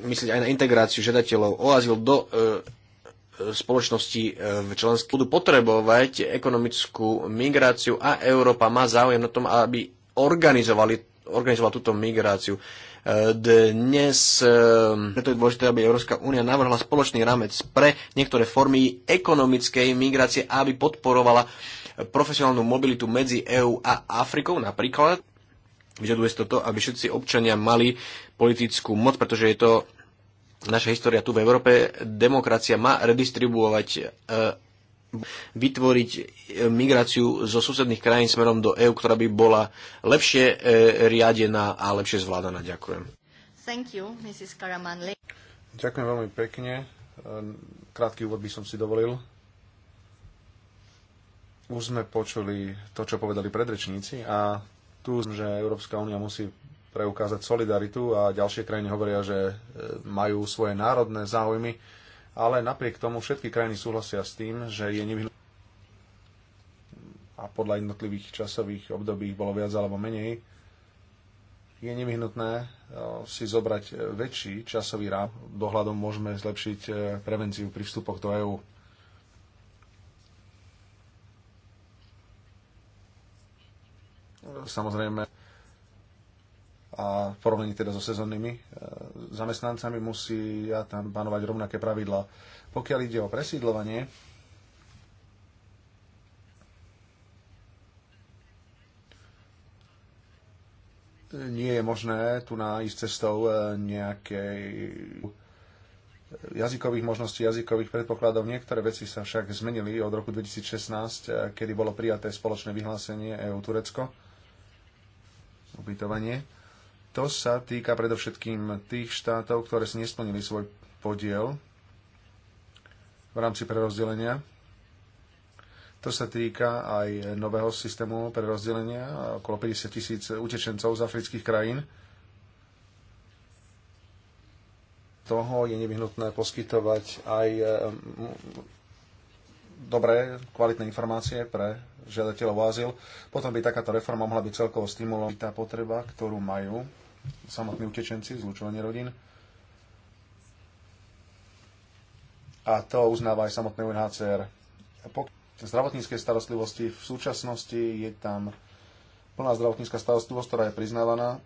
myslieť aj na integráciu žiadateľov o azyl do uh, spoločnosti v členstve. Budú potrebovať ekonomickú migráciu a Európa má záujem na tom, aby organizovali organizoval túto migráciu. E, dnes, preto je dôležité, aby Európska únia navrhla spoločný rámec pre niektoré formy ekonomickej migrácie, aby podporovala profesionálnu mobilitu medzi EÚ a Afrikou napríklad. Vyžaduje to to, aby všetci občania mali politickú moc, pretože je to naša história tu v Európe. Demokracia má redistribuovať e, vytvoriť e, migráciu zo susedných krajín smerom do EÚ, ktorá by bola lepšie e, riadená a lepšie zvládaná. Ďakujem. Thank you, Mrs. Karamanli. Ďakujem veľmi pekne. E, krátky úvod by som si dovolil. Už sme počuli to, čo povedali predrečníci a tu, že Európska únia musí preukázať solidaritu a ďalšie krajiny hovoria, že majú svoje národné záujmy ale napriek tomu všetky krajiny súhlasia s tým, že je nevyhnutné a podľa jednotlivých časových období bolo viac alebo menej, je nevyhnutné e, si zobrať e, väčší časový rám. Dohľadom môžeme zlepšiť e, prevenciu pri vstupoch do EÚ. Samozrejme, a v porovnaní teda so sezónnymi e, zamestnancami ja tam panovať rovnaké pravidlá. Pokiaľ ide o presídlovanie, nie je možné tu nájsť cestou e, nejakej jazykových možností, jazykových predpokladov. Niektoré veci sa však zmenili od roku 2016, e, kedy bolo prijaté spoločné vyhlásenie EU-Turecko, ubytovanie to sa týka predovšetkým tých štátov, ktoré si nesplnili svoj podiel v rámci prerozdelenia. To sa týka aj nového systému prerozdelenia, okolo 50 tisíc utečencov z afrických krajín. Toho je nevyhnutné poskytovať aj e, dobré, kvalitné informácie pre žiadateľov o azyl. Potom by takáto reforma mohla byť celkovo stimulom tá potreba, ktorú majú samotní utečenci, zlučovanie rodín. A to uznáva aj samotné UNHCR. Po zdravotníckej starostlivosti v súčasnosti je tam plná zdravotnícka starostlivosť, ktorá je priznávaná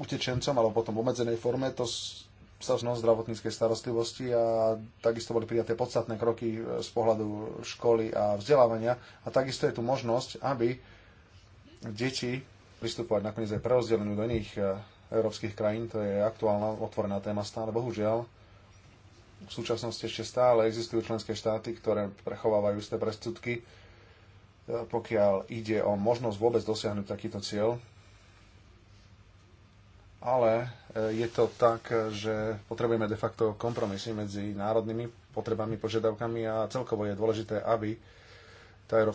utečencom, alebo potom v obmedzenej forme, to sa vznosť zdravotníckej starostlivosti a takisto boli prijaté podstatné kroky e, z pohľadu školy a vzdelávania. A takisto je tu možnosť, aby deti pristupovať nakoniec aj prerozdeleniu do iných e, európskych krajín. To je aktuálna otvorená téma stále. Bohužiaľ, v súčasnosti ešte stále existujú členské štáty, ktoré prechovávajú isté prestudky, e, pokiaľ ide o možnosť vôbec dosiahnuť takýto cieľ. Ale e, je to tak, že potrebujeme de facto kompromisy medzi národnými potrebami, požiadavkami a celkovo je dôležité, aby